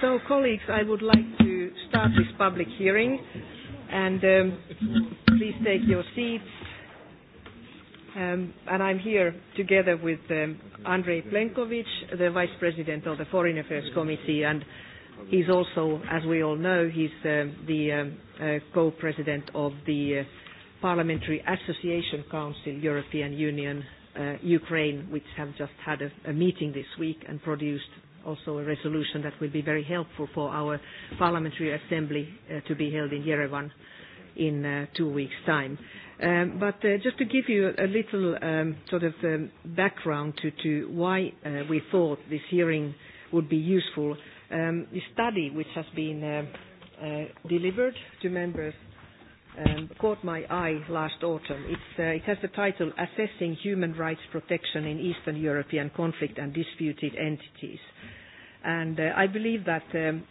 So, colleagues, I would like to start this public hearing, and um, please take your seats. Um, and I'm here together with um, Andrei Plenkovic, the Vice President of the Foreign Affairs Committee, and he's also, as we all know, he's uh the um, uh, co-president of the uh, Parliamentary Association Council, European Union uh, Ukraine, which have just had a, a meeting this week and produced also a resolution that will be very helpful for our parliamentary assembly uh, to be held in Yerevan in uh, two weeks' time. Um, but uh, just to give you a little um, sort of um, background to, to why uh, we thought this hearing would be useful, um, the study which has been uh, uh, delivered to members um, caught my eye last autumn. It's, uh, it has the title Assessing Human Rights Protection in Eastern European Conflict and Disputed Entities. And uh, I believe that um,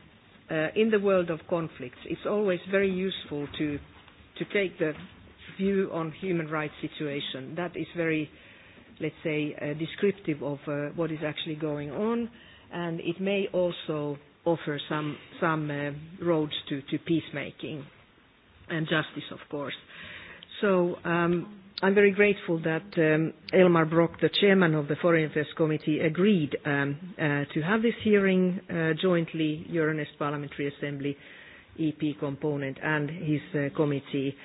uh, in the world of conflicts, it's always very useful to, to take the view on human rights situation. That is very, let's say, uh, descriptive of uh, what is actually going on, and it may also offer some, some uh, roads to, to peacemaking and justice, of course. So um, I'm very grateful that um, Elmar Brok, the chairman of the Foreign Affairs Committee, agreed um, uh, to have this hearing uh, jointly, Euronest Parliamentary Assembly, EP component, and his uh, committee.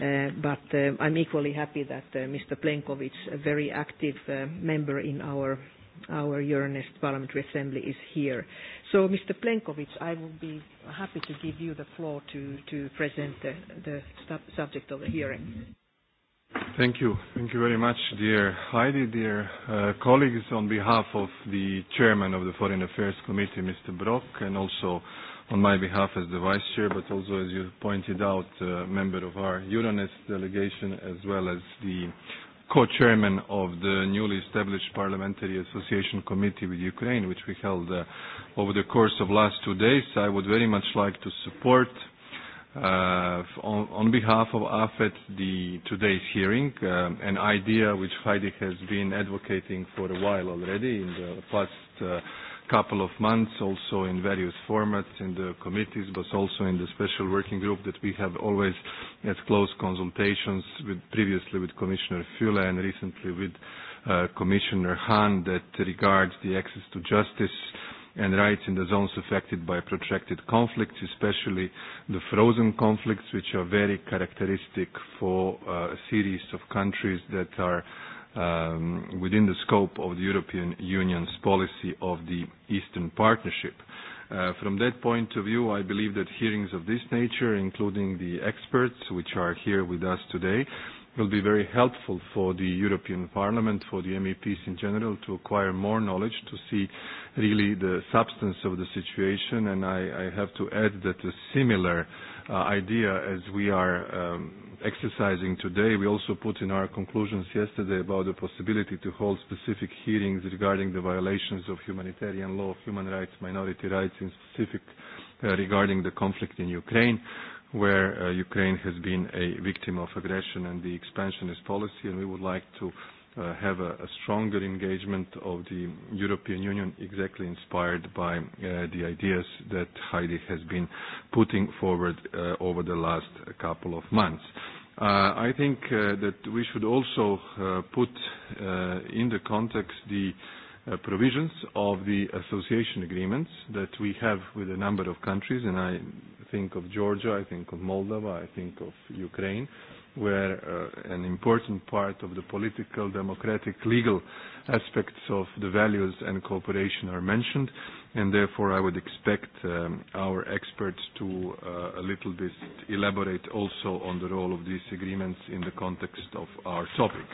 Uh, but uh, I'm equally happy that uh, Mr. Plenkovic, a very active uh, member in our, our Euronest Parliamentary Assembly, is here. Uh, so, Mr. Plenković, I would be happy to give you the floor to, to present the, the sub subject of the hearing. Thank you. Thank you very much, dear Heidi, dear uh, colleagues. On behalf of the chairman of the Foreign Affairs Committee, Mr. Brok, and also on my behalf as the vice chair, but also, as you pointed out, uh, member of our Euronest delegation, as well as the co-chairman of the newly established Parliamentary Association Committee with Ukraine, which we held uh, over the course of last two days. I would very much like to support, uh, on, on behalf of AFET, the today's hearing, um, an idea which Heidi has been advocating for a while already in the past uh, couple of months, also in various formats in the committees, but also in the special working group that we have always had close consultations with previously with Commissioner Füle and recently with uh, Commissioner Hahn that regards the access to justice and rights in the zones affected by protracted conflicts, especially the frozen conflicts, which are very characteristic for uh, a series of countries that are um, within the scope of the European Union's policy of the Eastern Partnership. Uh, from that point of view, I believe that hearings of this nature, including the experts which are here with us today, will be very helpful for the European Parliament, for the MEPs in general, to acquire more knowledge, to see really the substance of the situation. And I, I have to add that a similar uh, uh, idea as we are um, exercising today. We also put in our conclusions yesterday about the possibility to hold specific hearings regarding the violations of humanitarian law, human rights, minority rights, in specific uh, regarding the conflict in Ukraine where uh, Ukraine has been a victim of aggression and the expansionist policy, and we would like to uh, have a, a stronger engagement of the European Union, exactly inspired by uh, the ideas that Heidi has been putting forward uh, over the last couple of months. Uh, I think uh, that we should also uh, put uh, in the context the uh, provisions of the association agreements that we have with a number of countries, and I think of Georgia, I think of Moldova, I think of Ukraine, where uh, an important part of the political, democratic, legal aspects of the values and cooperation are mentioned, and therefore I would expect um, our experts to uh, a little bit elaborate also on the role of these agreements in the context of our topic.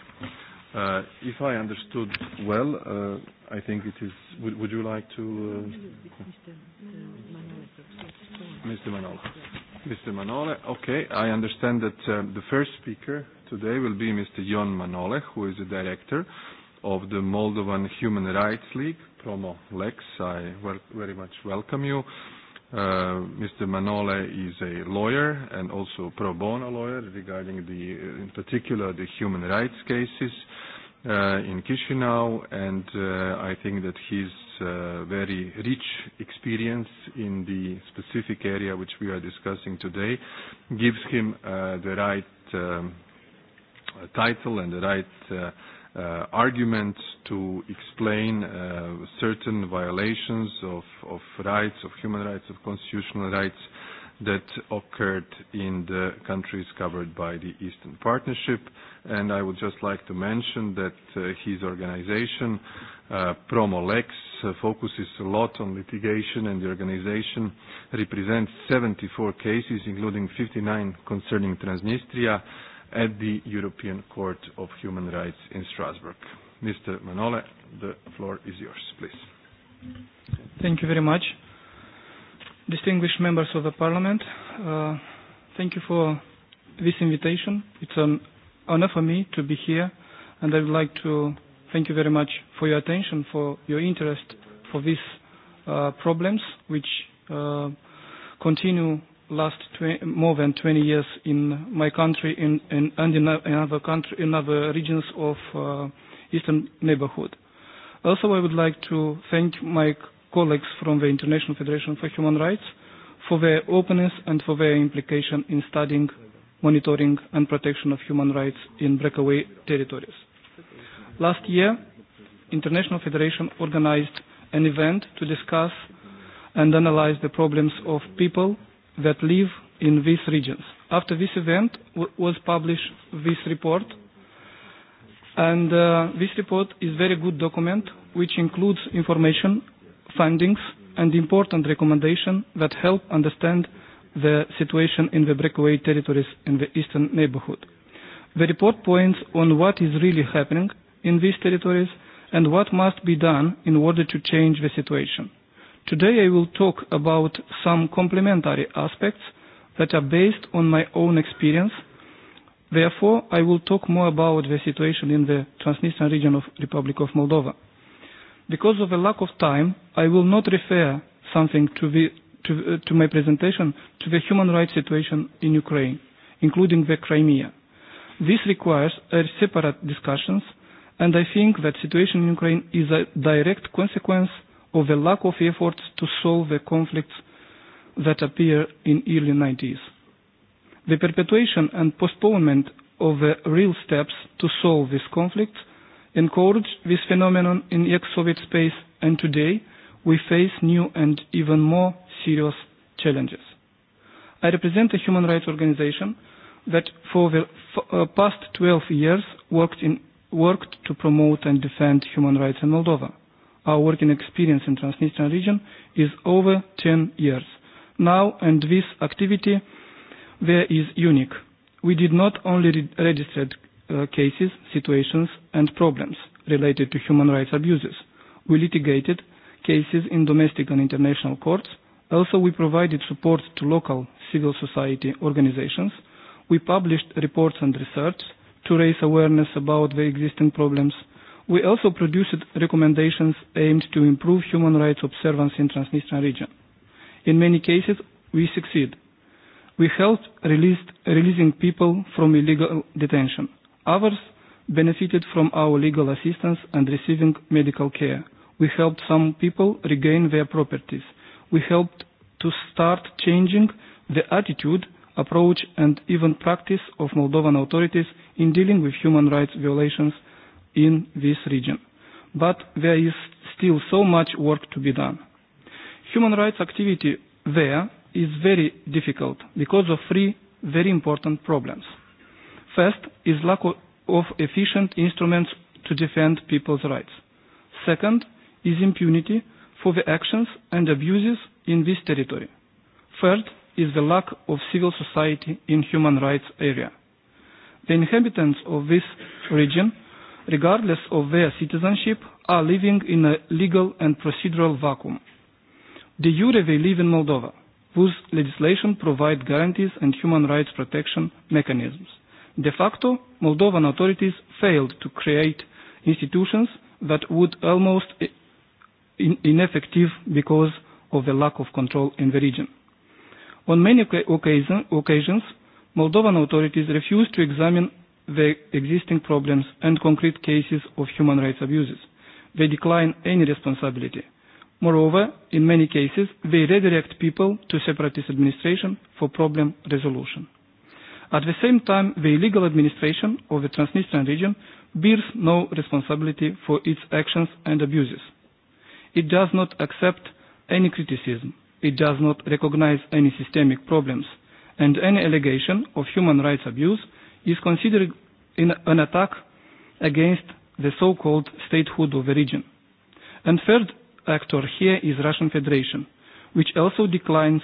Uh, if I understood well, uh, I think it is. Would, would you like to, uh, Mr. Manolo. Mr. Manole. Okay, I understand that uh, the first speaker today will be Mr. Jon Manole, who is the director of the Moldovan Human Rights League, Promo Lex. I wel- very much welcome you. Uh, Mr. Manole is a lawyer and also pro bono lawyer regarding the, uh, in particular, the human rights cases. Uh, uh, in Chisinau, and uh, I think that his uh, very rich experience in the specific area which we are discussing today gives him uh, the right um, title and the right uh, uh, argument to explain uh, certain violations of, of rights, of human rights, of constitutional rights that occurred in the countries covered by the Eastern Partnership. And I would just like to mention that uh, his organization, uh, Promolex, uh, focuses a lot on litigation, and the organization represents 74 cases, including 59 concerning Transnistria, at the European Court of Human Rights in Strasbourg. Mr. Manole, the floor is yours, please. Thank you very much distinguished members of the parliament, uh, thank you for this invitation. It's an honor for me to be here, and I would like to thank you very much for your attention, for your interest for these uh, problems, which uh, continue last tw more than 20 years in my country in, in, and in, in other country, in other regions of uh, eastern neighborhood. Also, I would like to thank my colleagues from the International Federation for Human Rights for their openness and for their implication in studying, monitoring and protection of human rights in breakaway territories. Last year, International Federation organized an event to discuss and analyze the problems of people that live in these regions. After this event w was published this report, and uh, this report is a very good document which includes information findings and important recommendations that help understand the situation in the breakaway territories in the eastern neighborhood. The report points on what is really happening in these territories and what must be done in order to change the situation. Today I will talk about some complementary aspects that are based on my own experience. Therefore, I will talk more about the situation in the Transnistrian region of Republic of Moldova. Because of a lack of time, I will not refer something to, the, to, uh, to my presentation to the human rights situation in Ukraine, including the Crimea. This requires a separate discussions, and I think that situation in Ukraine is a direct consequence of the lack of efforts to solve the conflicts that appear in early 90s. The perpetuation and postponement of the real steps to solve these conflicts Encouraged this phenomenon in ex-Soviet space and today, we face new and even more serious challenges. I represent a human rights organization that for the f uh, past 12 years worked, in, worked to promote and defend human rights in Moldova. Our working experience in Transnistria region is over 10 years. Now and this activity there is unique. We did not only re registered uh, cases, situations, and problems related to human rights abuses. We litigated cases in domestic and international courts. Also, we provided support to local civil society organizations. We published reports and research to raise awareness about the existing problems. We also produced recommendations aimed to improve human rights observance in Transnistria region. In many cases, we succeed. We helped released, releasing people from illegal detention. Others benefited from our legal assistance and receiving medical care. We helped some people regain their properties. We helped to start changing the attitude, approach and even practice of Moldovan authorities in dealing with human rights violations in this region. But there is still so much work to be done. Human rights activity there is very difficult because of three very important problems. First is lack of efficient instruments to defend people's rights. Second is impunity for the actions and abuses in this territory. Third is the lack of civil society in human rights area. The inhabitants of this region, regardless of their citizenship, are living in a legal and procedural vacuum. De jure they live in Moldova, whose legislation provides guarantees and human rights protection mechanisms. De facto, Moldovan authorities failed to create institutions that would almost in ineffective because of the lack of control in the region. On many occasion, occasions, Moldovan authorities refused to examine the existing problems and concrete cases of human rights abuses. They decline any responsibility. Moreover, in many cases, they redirect people to separatist administration for problem resolution. At the same time, the illegal administration of the Transnistrian region bears no responsibility for its actions and abuses. It does not accept any criticism. It does not recognize any systemic problems. And any allegation of human rights abuse is considered in an attack against the so-called statehood of the region. And third actor here is Russian Federation, which also declines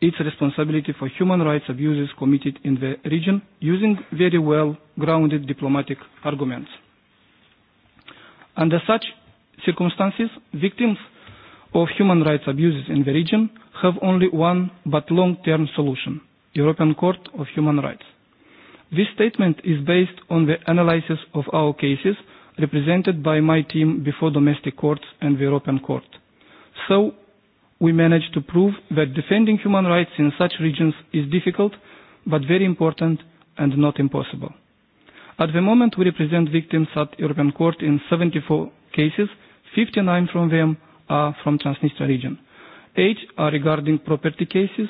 its responsibility for human rights abuses committed in the region using very well-grounded diplomatic arguments. Under such circumstances, victims of human rights abuses in the region have only one but long-term solution, European Court of Human Rights. This statement is based on the analysis of our cases represented by my team before domestic courts and the European Court. So we managed to prove that defending human rights in such regions is difficult, but very important and not impossible. At the moment, we represent victims at European Court in 74 cases, 59 from them are from Transnistria region. Eight are regarding property cases,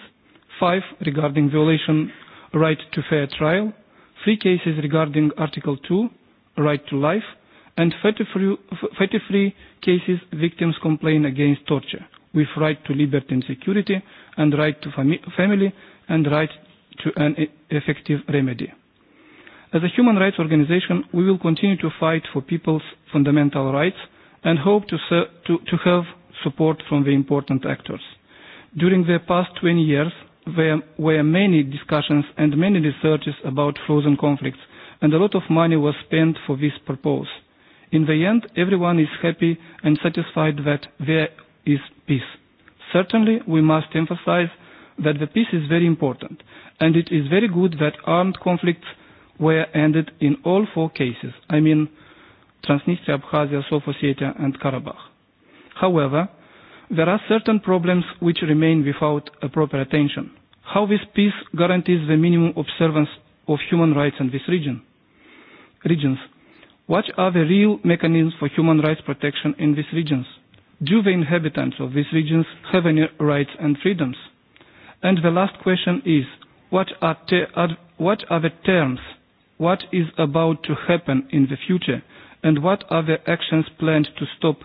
five regarding violation right to fair trial, three cases regarding Article 2, right to life, and 33 cases victims complain against torture with right to liberty and security and right to fami family and right to an e effective remedy. As a human rights organization, we will continue to fight for people's fundamental rights and hope to, ser to, to have support from the important actors. During the past 20 years, there were many discussions and many researches about frozen conflicts, and a lot of money was spent for this purpose. In the end, everyone is happy and satisfied that there is peace. Certainly, we must emphasize that the peace is very important, and it is very good that armed conflicts were ended in all four cases, I mean Transnistria, Abkhazia, South Ossetia, and Karabakh. However, there are certain problems which remain without a proper attention. How this peace guarantees the minimum observance of human rights in this region? Regions. What are the real mechanisms for human rights protection in these regions? Do the inhabitants of these regions have any rights and freedoms? And the last question is, what are, te- ad- what are the terms? What is about to happen in the future? And what are the actions planned to stop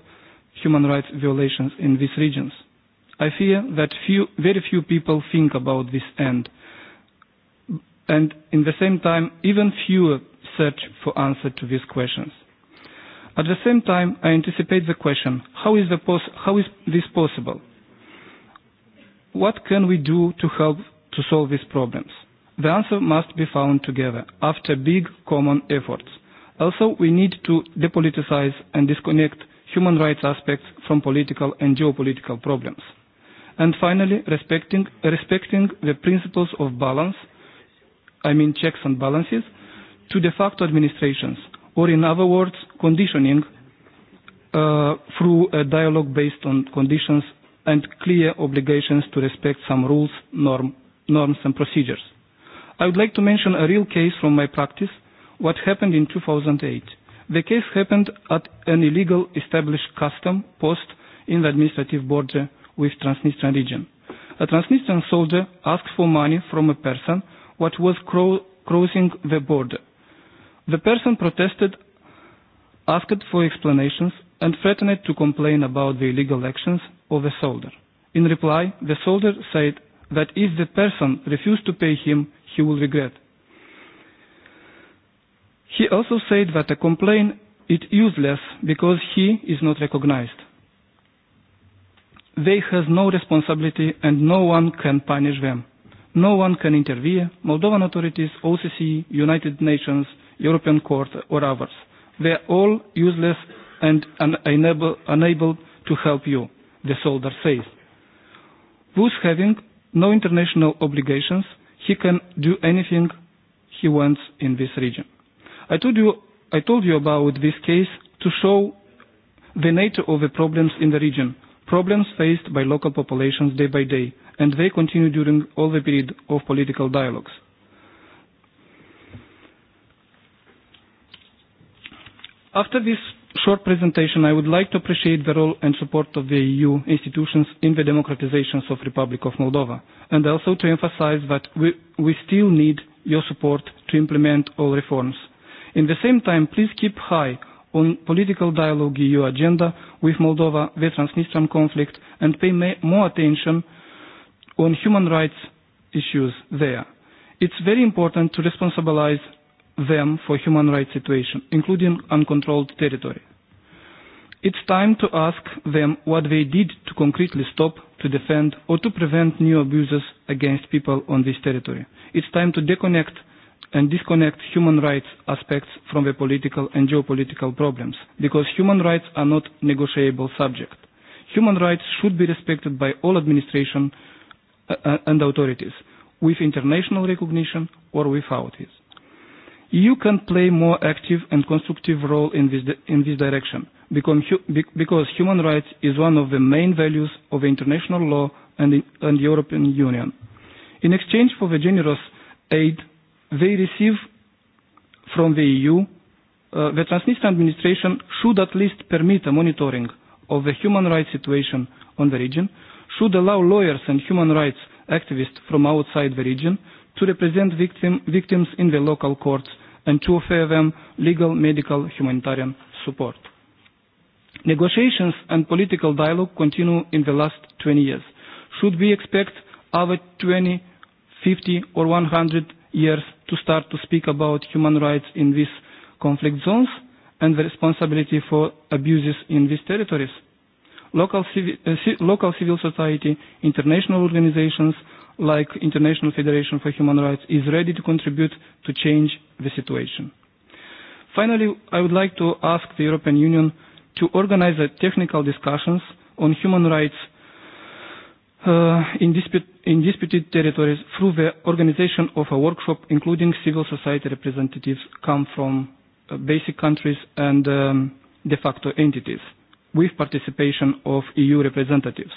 human rights violations in these regions? I fear that few, very few people think about this end. And in the same time, even fewer search for answers to these questions. At the same time, I anticipate the question, how is, the pos how is this possible? What can we do to help to solve these problems? The answer must be found together, after big common efforts. Also, we need to depoliticize and disconnect human rights aspects from political and geopolitical problems. And finally, respecting, respecting the principles of balance, I mean checks and balances, to de facto administrations, or in other words, conditioning uh, through a dialogue based on conditions and clear obligations to respect some rules, norm, norms and procedures. I would like to mention a real case from my practice, what happened in 2008. The case happened at an illegal established custom post in the administrative border with Transnistrian region. A Transnistrian soldier asked for money from a person what was cro crossing the border. The person protested, asked for explanations, and threatened to complain about the illegal actions of the soldier. In reply, the soldier said that if the person refused to pay him, he will regret. He also said that a complaint is useless because he is not recognized. They have no responsibility and no one can punish them. No one can intervene. Moldovan authorities, OCC, United Nations European Court, or others. They are all useless and unable, unable to help you, the soldier says. Thus having no international obligations, he can do anything he wants in this region. I told you, I told you about this case to show the nature of the problems in the region, problems faced by local populations day by day, and they continue during all the period of political dialogues. After this short presentation, I would like to appreciate the role and support of the EU institutions in the democratizations of Republic of Moldova, and also to emphasize that we, we still need your support to implement all reforms. In the same time, please keep high on political dialogue EU agenda with Moldova, the Transnistrian conflict, and pay more attention on human rights issues there. It's very important to responsibilize them for human rights situation, including uncontrolled territory. It's time to ask them what they did to concretely stop, to defend, or to prevent new abuses against people on this territory. It's time to disconnect and disconnect human rights aspects from the political and geopolitical problems, because human rights are not negotiable subject. Human rights should be respected by all administration uh, uh, and authorities, with international recognition or without it. EU can play more active and constructive role in this, in this direction because human rights is one of the main values of international law and the, and the European Union. In exchange for the generous aid they receive from the EU, uh, the Transnistria administration should at least permit a monitoring of the human rights situation on the region, should allow lawyers and human rights activists from outside the region to represent victim, victims in the local courts and to offer them legal, medical, humanitarian support. Negotiations and political dialogue continue in the last 20 years. Should we expect our 20, 50 or 100 years to start to speak about human rights in these conflict zones and the responsibility for abuses in these territories? Local, civi uh, local civil society, international organizations like International Federation for Human Rights is ready to contribute to change the situation. Finally, I would like to ask the European Union to organize a technical discussions on human rights uh, in, dispute, in disputed territories through the organization of a workshop including civil society representatives come from uh, basic countries and um, de facto entities with participation of EU representatives.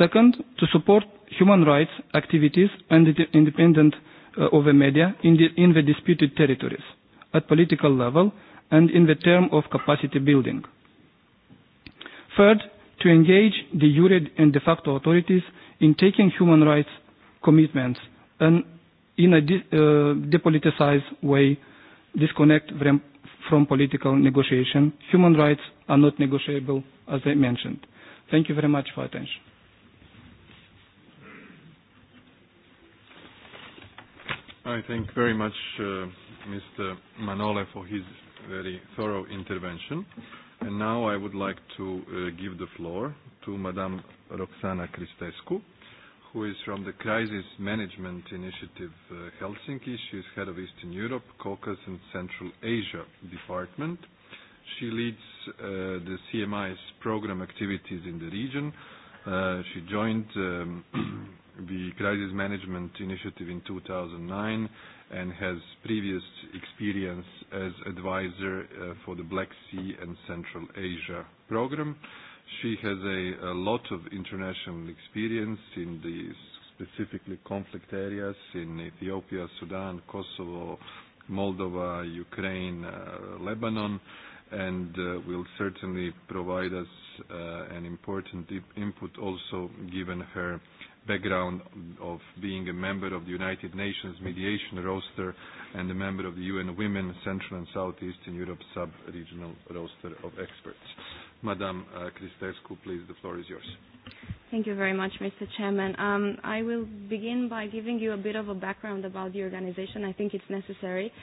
Second, to support human rights activities and independent uh, of the media in the, in the disputed territories at political level and in the term of capacity building. Third, to engage the jure and de facto authorities in taking human rights commitments and in a de uh, depoliticized way disconnect them from political negotiation. Human rights are not negotiable, as I mentioned. Thank you very much for attention. I thank very much uh, Mr. Manole for his very thorough intervention. And now I would like to uh, give the floor to Madame Roxana Cristescu, who is from the Crisis Management Initiative uh, Helsinki. She is head of Eastern Europe, Caucasus and Central Asia Department. She leads uh, the CMI's program activities in the region. Uh, she joined um, the crisis management initiative in 2009 and has previous experience as advisor uh, for the Black Sea and Central Asia program. She has a, a lot of international experience in the specifically conflict areas in Ethiopia, Sudan, Kosovo, Moldova, Ukraine, uh, Lebanon, and uh, will certainly provide us uh, an important input also given her background of being a member of the United Nations mediation roster and a member of the UN Women Central and Southeastern Europe sub-regional roster of experts. Madam uh, Christescu, please, the floor is yours. Thank you very much, Mr. Chairman. Um, I will begin by giving you a bit of a background about the organization. I think it's necessary. Uh,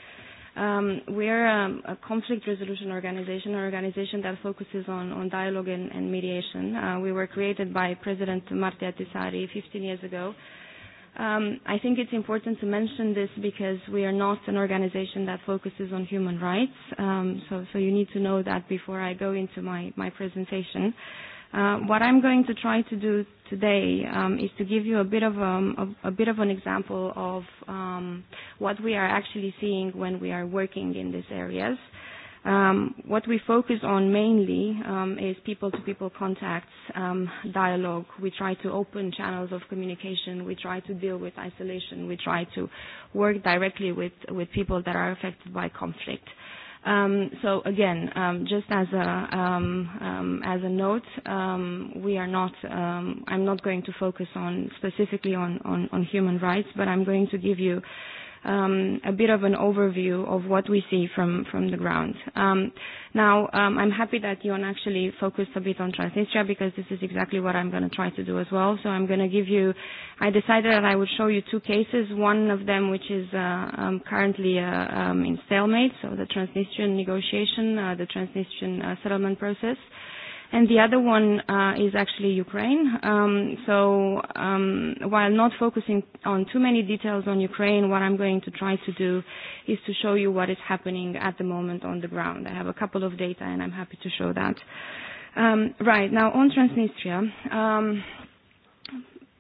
Um, we're um, a conflict resolution organization, an organization that focuses on, on dialogue and, and mediation. Uh, we were created by President Marti Atisari 15 years ago. Um, I think it's important to mention this because we are not an organization that focuses on human rights. Um, so, so you need to know that before I go into my, my presentation. Uh, Uh, what I'm going to try to do today um, is to give you a bit of um, a, a bit of an example of um, what we are actually seeing when we are working in these areas. Um, what we focus on mainly um, is people-to-people -people contacts, um, dialogue. We try to open channels of communication. We try to deal with isolation. We try to work directly with, with people that are affected by conflict. Um, so again, um, just as a um, um, as a note, um, we are not. Um, I'm not going to focus on specifically on, on on human rights, but I'm going to give you um, a bit of an overview of what we see from, from the ground. Um, now, um, I'm happy that Yon actually focused a bit on Transnistria because this is exactly what I'm going to try to do as well. So I'm going to give you, I decided that I would show you two cases, one of them which is uh, um, currently uh, um, in stalemate, so the Transnistrian negotiation, uh, the Transnistrian uh, settlement process, And the other one uh, is actually Ukraine. Um, so um, while not focusing on too many details on Ukraine, what I'm going to try to do is to show you what is happening at the moment on the ground. I have a couple of data and I'm happy to show that. Um, right, now on Transnistria. Um,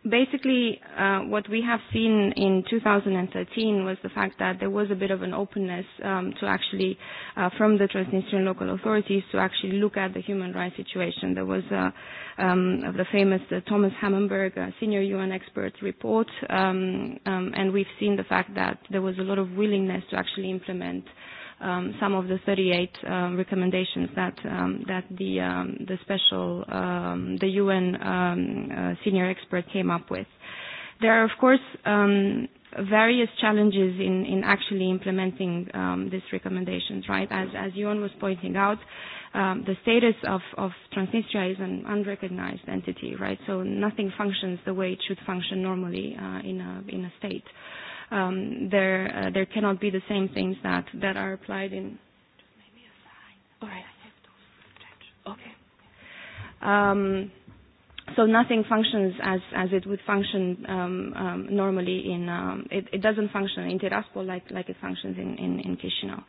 basically, uh, what we have seen in 2013 was the fact that there was a bit of an openness um, to actually, uh, from the Transnistrian local authorities, to actually look at the human rights situation. There was a, um, of the famous uh, Thomas Hammenberg uh, senior UN expert report, um, um, and we've seen the fact that there was a lot of willingness to actually implement uh, um, some of the 38 um, recommendations that um, that the um, the special um, the UN um, uh, senior expert came up with. There are of course um, various challenges in, in actually implementing um, these recommendations, right? As, as Yuan was pointing out, um, the status of, of Transnistria is an unrecognized entity, right? So nothing functions the way it should function normally uh, in, a, in a state. Uh, um, there uh, there cannot be the same things that that are applied in. All right. Okay. Um, so nothing functions as, as it would function um, um, normally in um, it, it doesn't function in Tiraspol like, like it functions in, in, in Chisinau.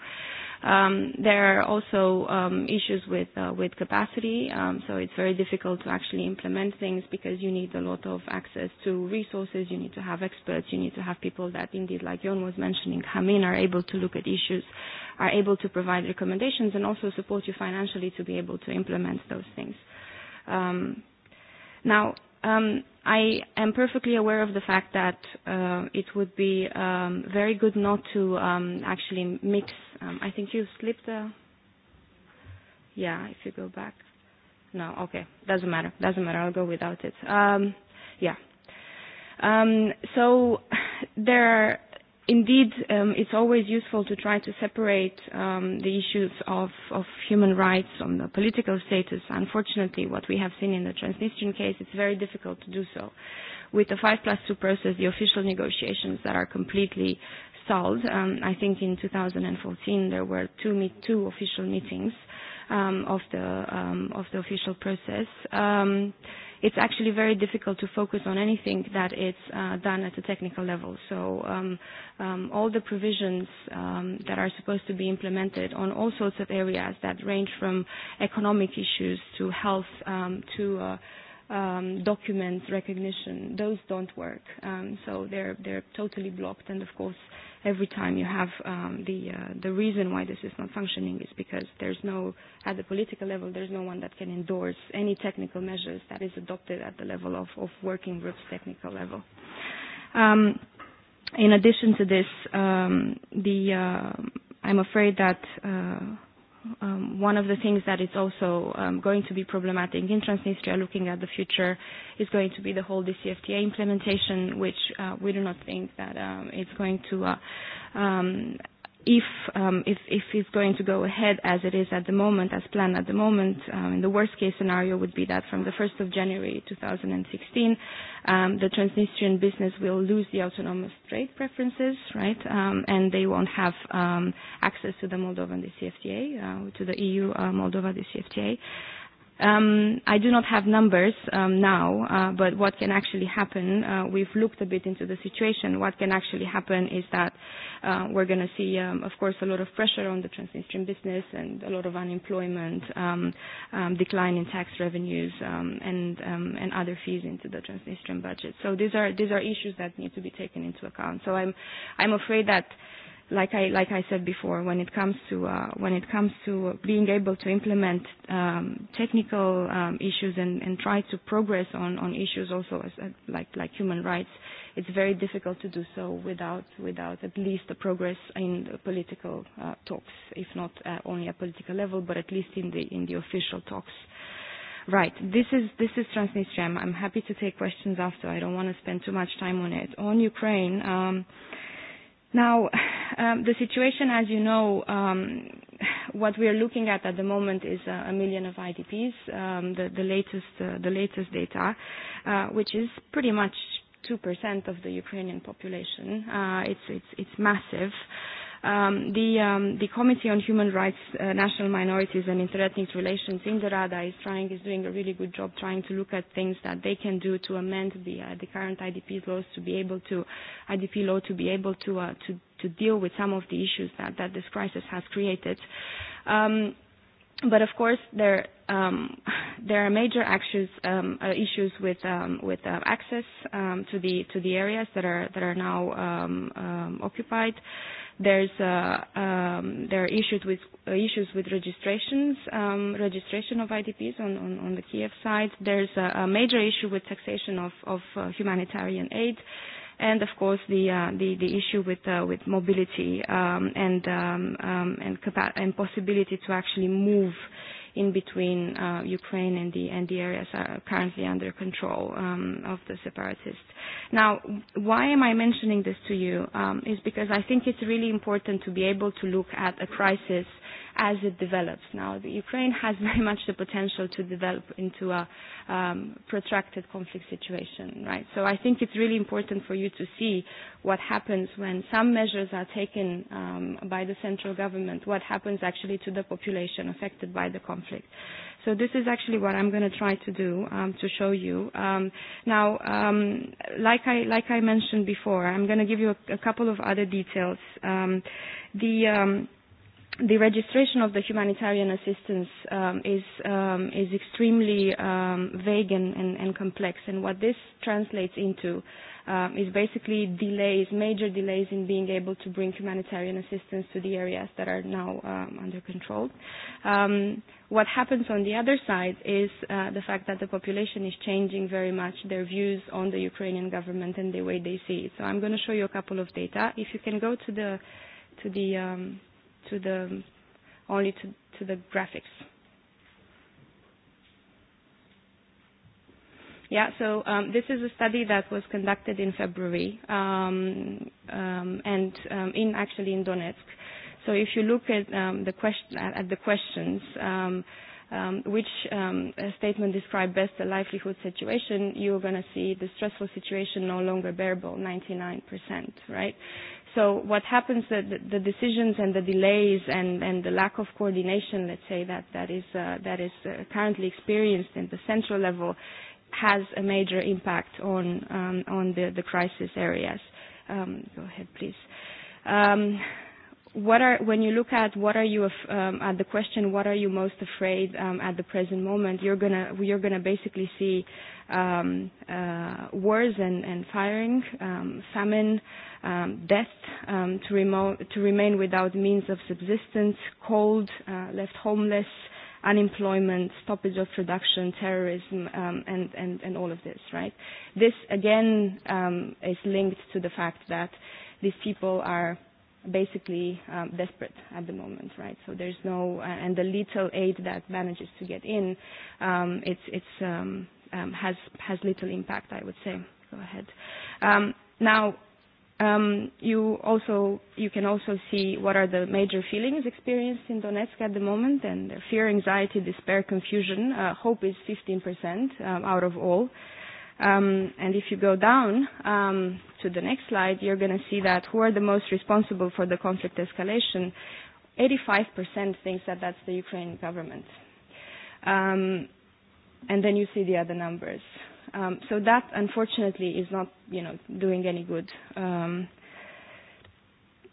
Um, there are also um, issues with uh, with capacity, um, so it's very difficult to actually implement things because you need a lot of access to resources. You need to have experts. You need to have people that, indeed, like Jon was mentioning, come in, are able to look at issues, are able to provide recommendations, and also support you financially to be able to implement those things. Um, Now, um, I am perfectly aware of the fact that uh, it would be um, very good not to um, actually mix. Um, I think you slipped the. Yeah, if you go back. No, okay, doesn't matter. Doesn't matter. I'll go without it. Um, yeah. Um, so there are indeed, um, it's always useful to try to separate um, the issues of, of human rights on the political status. Unfortunately, what we have seen in the Transnistrian case, it's very difficult to do so. With the 5 plus 2 process, the official negotiations that are completely stalled, um, I think in 2014 there were two, meet, two official meetings um, of, the, um, of the official process. Um, it's actually very difficult to focus on anything that is uh, done at a technical level. So um, um, all the provisions um, that are supposed to be implemented on all sorts of areas that range from economic issues to health um, to uh, um, documents recognition, those don't work. Um, so they're they're totally blocked. And of course, every time you have um, the uh, the reason why this is not functioning is because there's no at the political level there's no one that can endorse any technical measures that is adopted at the level of of working groups technical level. Um, in addition to this, um, the uh, I'm afraid that. Uh, um, one of the things that is also um, going to be problematic in Transnistria, looking at the future, is going to be the whole DCFTA implementation, which uh, we do not think that um, it's going to uh, um, if, um, if, if it's going to go ahead as it is at the moment, as planned at the moment, um, in the worst case scenario would be that from the 1st of January 2016, um, the Transnistrian business will lose the autonomous trade preferences, right, um, and they won't have um, access to the Moldovan DCFTA, uh, to the EU uh, Moldova DCFTA. Um, I do not have numbers um, now, uh, but what can actually happen, uh, we've looked a bit into the situation. What can actually happen is that uh, we're going to see, um, of course, a lot of pressure on the Transnistrian business and a lot of unemployment, um, um, decline in tax revenues, um, and, um, and other fees into the Transnistrian budget. So these are, these are issues that need to be taken into account. So I'm, I'm afraid that like I like I said before, when it comes to uh, when it comes to being able to implement um, technical um, issues and, and try to progress on, on issues also as, uh, like like human rights, it's very difficult to do so without without at least a progress in the political uh, talks, if not uh, only at political level, but at least in the in the official talks. Right. This is this is Transnistria. I'm happy to take questions after. I don't want to spend too much time on it. On Ukraine. Um, Now, um, the situation, as you know, um, what we are looking at at the moment is uh, a million of IDPs, um, the, the, latest, uh, the latest data, uh, which is pretty much 2% of the Ukrainian population. Uh, it's, it's, it's massive. Um, the, um, the Committee on Human Rights, uh, National Minorities and Interethnic Relations in the Rada is trying, is doing a really good job trying to look at things that they can do to amend the, uh, the current IDP laws to be able to, IDP law to be able to, uh, to, to deal with some of the issues that, that this crisis has created. Um, but of course there um, there are major actions, um, uh, issues with um, with uh, access um, to the to the areas that are that are now um, um, occupied. There's uh, um, there are issues with uh, issues with registrations, um, registration of IDPs on, on, on the Kiev side. There's a, a major issue with taxation of of uh, humanitarian aid and of course the uh, the, the issue with uh, with mobility um, and um, um, and, capa- and possibility to actually move in between uh, Ukraine and the, and the areas are currently under control um, of the separatists. Now, why am I mentioning this to you? Um, is because I think it's really important to be able to look at a crisis – as it develops. Now, the Ukraine has very much the potential to develop into a um, protracted conflict situation, right? So I think it's really important for you to see what happens when some measures are taken um, by the central government, what happens actually to the population affected by the conflict. So this is actually what I'm going to try to do um, to show you. Um, now, um, like I like I mentioned before, I'm going to give you a, a couple of other details. Um, the um, the registration of the humanitarian assistance um, is um, is extremely um, vague and, and, and complex, and what this translates into um, is basically delays, major delays in being able to bring humanitarian assistance to the areas that are now um, under control. Um, what happens on the other side is uh, the fact that the population is changing very much their views on the Ukrainian government and the way they see it. So I'm going to show you a couple of data. If you can go to the to the um, to the only to, to the graphics. Yeah, so um, this is a study that was conducted in February um, um, and um, in actually in Donetsk. So if you look at um, the question at, at the questions, um, um, which um, statement describes best the livelihood situation, you're going to see the stressful situation no longer bearable, 99%, right? So what happens that the, the decisions and the delays and, and the lack of coordination, let's say that that is uh, that is uh, currently experienced in the central level, has a major impact on um, on the, the crisis areas. Um, go ahead, please. Um, what are when you look at what are you af- um, at the question what are you most afraid um, at the present moment you're gonna you're gonna basically see um, uh, wars and, and firing um, famine um, death um, to, remo- to remain without means of subsistence cold uh, left homeless unemployment, stoppage of production, terrorism, um, and, and, and all of this, right? This, again, um, is linked to the fact that these people are basically um, desperate at the moment, right? So there's no, uh, and the little aid that manages to get in, um, it's, it's, um, um, has, has little impact, I would say. Go ahead. Um, now, um, you also you can also see what are the major feelings experienced in Donetsk at the moment, and fear, anxiety, despair, confusion. Uh, hope is 15% um, out of all. Um, and if you go down um, to the next slide, you're going to see that who are the most responsible for the conflict escalation? 85% thinks that that's the Ukrainian government. Um, and then you see the other numbers. Um, so that, unfortunately, is not, you know, doing any good. Um,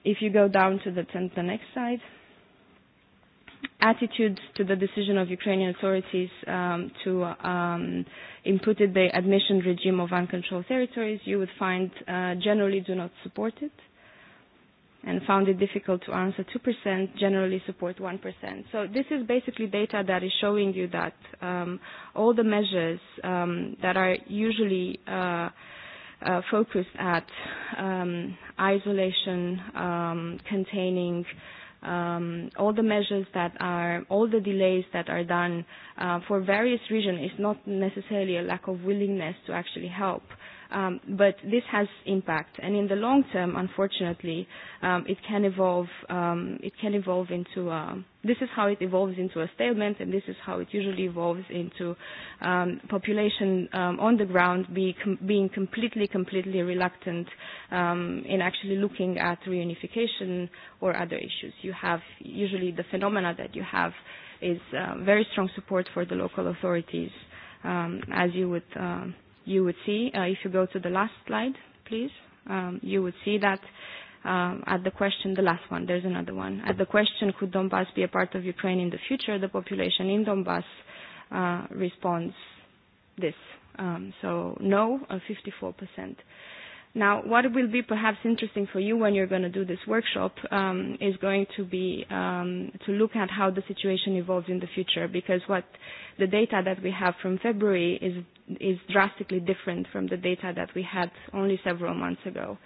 if you go down to the, to the next slide attitude to the decision of Ukrainian authorities um, to um, input the admission regime of uncontrolled territories, you would find uh, generally do not support it and found it difficult to answer 2%, generally support 1%. So this is basically data that is showing you that um, all the measures um, that are usually uh, uh, focused at um, isolation, um, containing, uh, um, all the measures that are, all the delays that are done uh, for various reasons is not necessarily a lack of willingness to actually help. Um, but this has impact, and in the long term, unfortunately, um, it can evolve. Um, it can evolve into a, uh, this is how it evolves into a stalemate, and this is how it usually evolves into um, population um, on the ground be com- being completely, completely reluctant um, in actually looking at reunification or other issues. You have usually the phenomena that you have is uh, very strong support for the local authorities, um, as you would. Uh, you would see, uh, if you go to the last slide, please, um, you would see that um, at the question, the last one, there's another one. At the question, could Donbass be a part of Ukraine in the future, the population in Donbass uh, responds this. Um, so no, uh, 54%. Now, what will be perhaps interesting for you when you're going to do this workshop um, is going to be um, to look at how the situation evolves in the future, because what the data that we have from February is is drastically different from the data that we had only several months ago.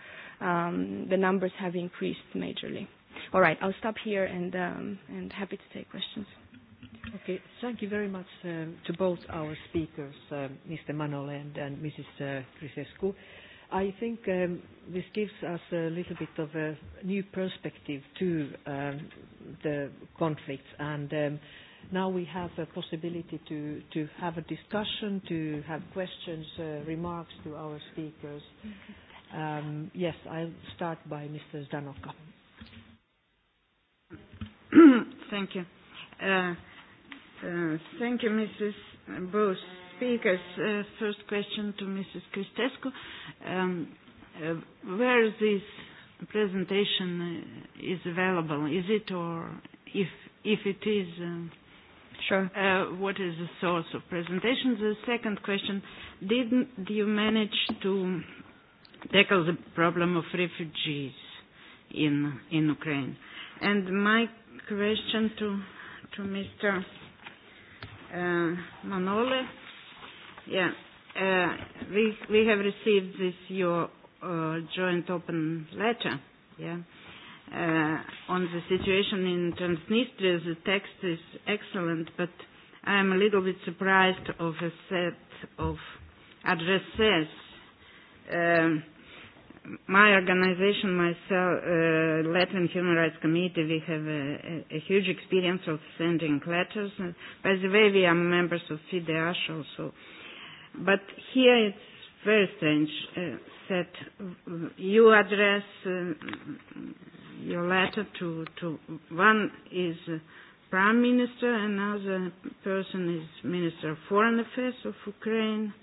Um, the numbers have increased majorly. All right, I'll stop here and um, and happy to take questions. Okay. Thank you very much uh to both our speakers, uh um, Mr. Manole and, and Mrs. Uh, Grisescu. I think um, this gives us a little bit of a new perspective to um, the conflicts. and um, Now we have a possibility to to have a discussion, to have questions, uh, remarks to our speakers. Um Yes, I'll start by Mr. Zdanoka. Thank you. Uh, uh, thank you, Mrs. Bruce speakers. Uh, first question to Mrs. Christescu. Um, uh, where this presentation uh is available? Is it or if if it is? uh Sure. Uh, what is the source of presentation? The second question, didn't you manage to tackle the problem of refugees in in Ukraine? And my question to to Mr. Uh, Manole Yeah. Uh, we we have received this your uh, joint open letter. Yeah. Uh, on the situation in Transnistria, the text is excellent, but I am a little bit surprised of a set of addresses. Um, my organization, myself, uh, Latvian Human Rights Committee, we have a, a, a huge experience of sending letters. And by the way, we are members of FIDEASH also. Uh, But here it's very strange uh, that you address uh, your letter to, to one is uh, prime minister, another person is minister of foreign affairs of Ukraine,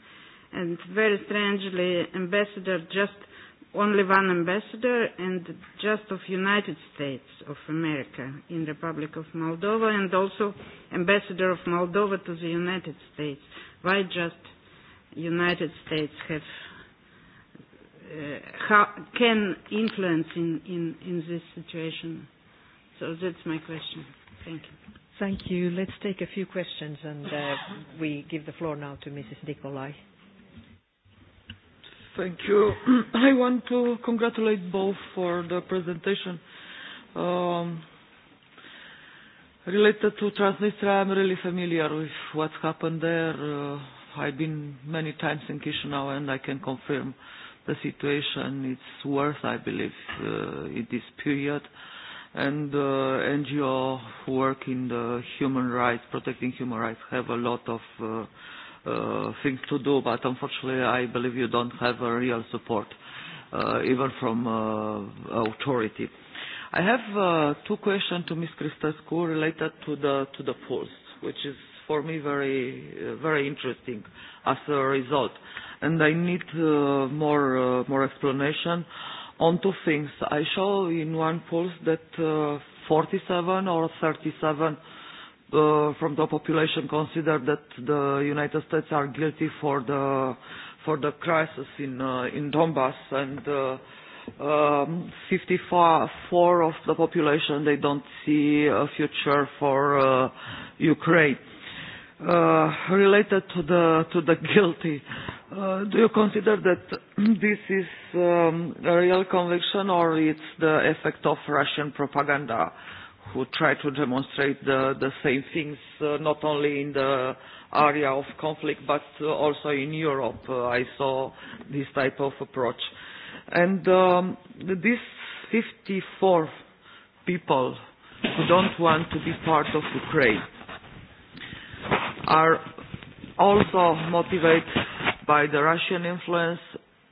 and very strangely ambassador just only one ambassador and just of United States of America in Republic of Moldova and also ambassador of Moldova to the United States. Why just United States have uh, how, can influence in, in, in this situation. So that's my question. Thank you. Thank you. Let's take a few questions and uh, we give the floor now to Mrs. Nicolai. Thank you. I want to congratulate both for the presentation. Um, related to Transnistria, I'm really familiar with what's happened there. Uh, I've been many times in Chisinau and I can confirm the situation. It's worse, I believe, uh, in this period. And uh, NGO who work in the human rights, protecting human rights, have a lot of uh, uh, things to do, but unfortunately I believe you don't have a real support, uh, even from uh, authority. I have uh, two questions to Ms. Christescu related to the, to the polls, which is for me very uh, very interesting as a result. And I need uh, more uh, more explanation on two things. I show in one poll that uh, 47 or 37 uh, from the population consider that the United States are guilty for the for the crisis in uh, in Donbass and. Uh, um, 54 of the population they don't see a future for uh, Ukraine uh, related to the to the guilty. Uh, do you consider that this is um, a real conviction or it's the effect of Russian propaganda who try to demonstrate the, the same things uh, not only in the area of conflict but uh, also in Europe? Uh, I saw this type of approach. And um, these 54 people who don't want to be part of Ukraine, are also motivated by the Russian influence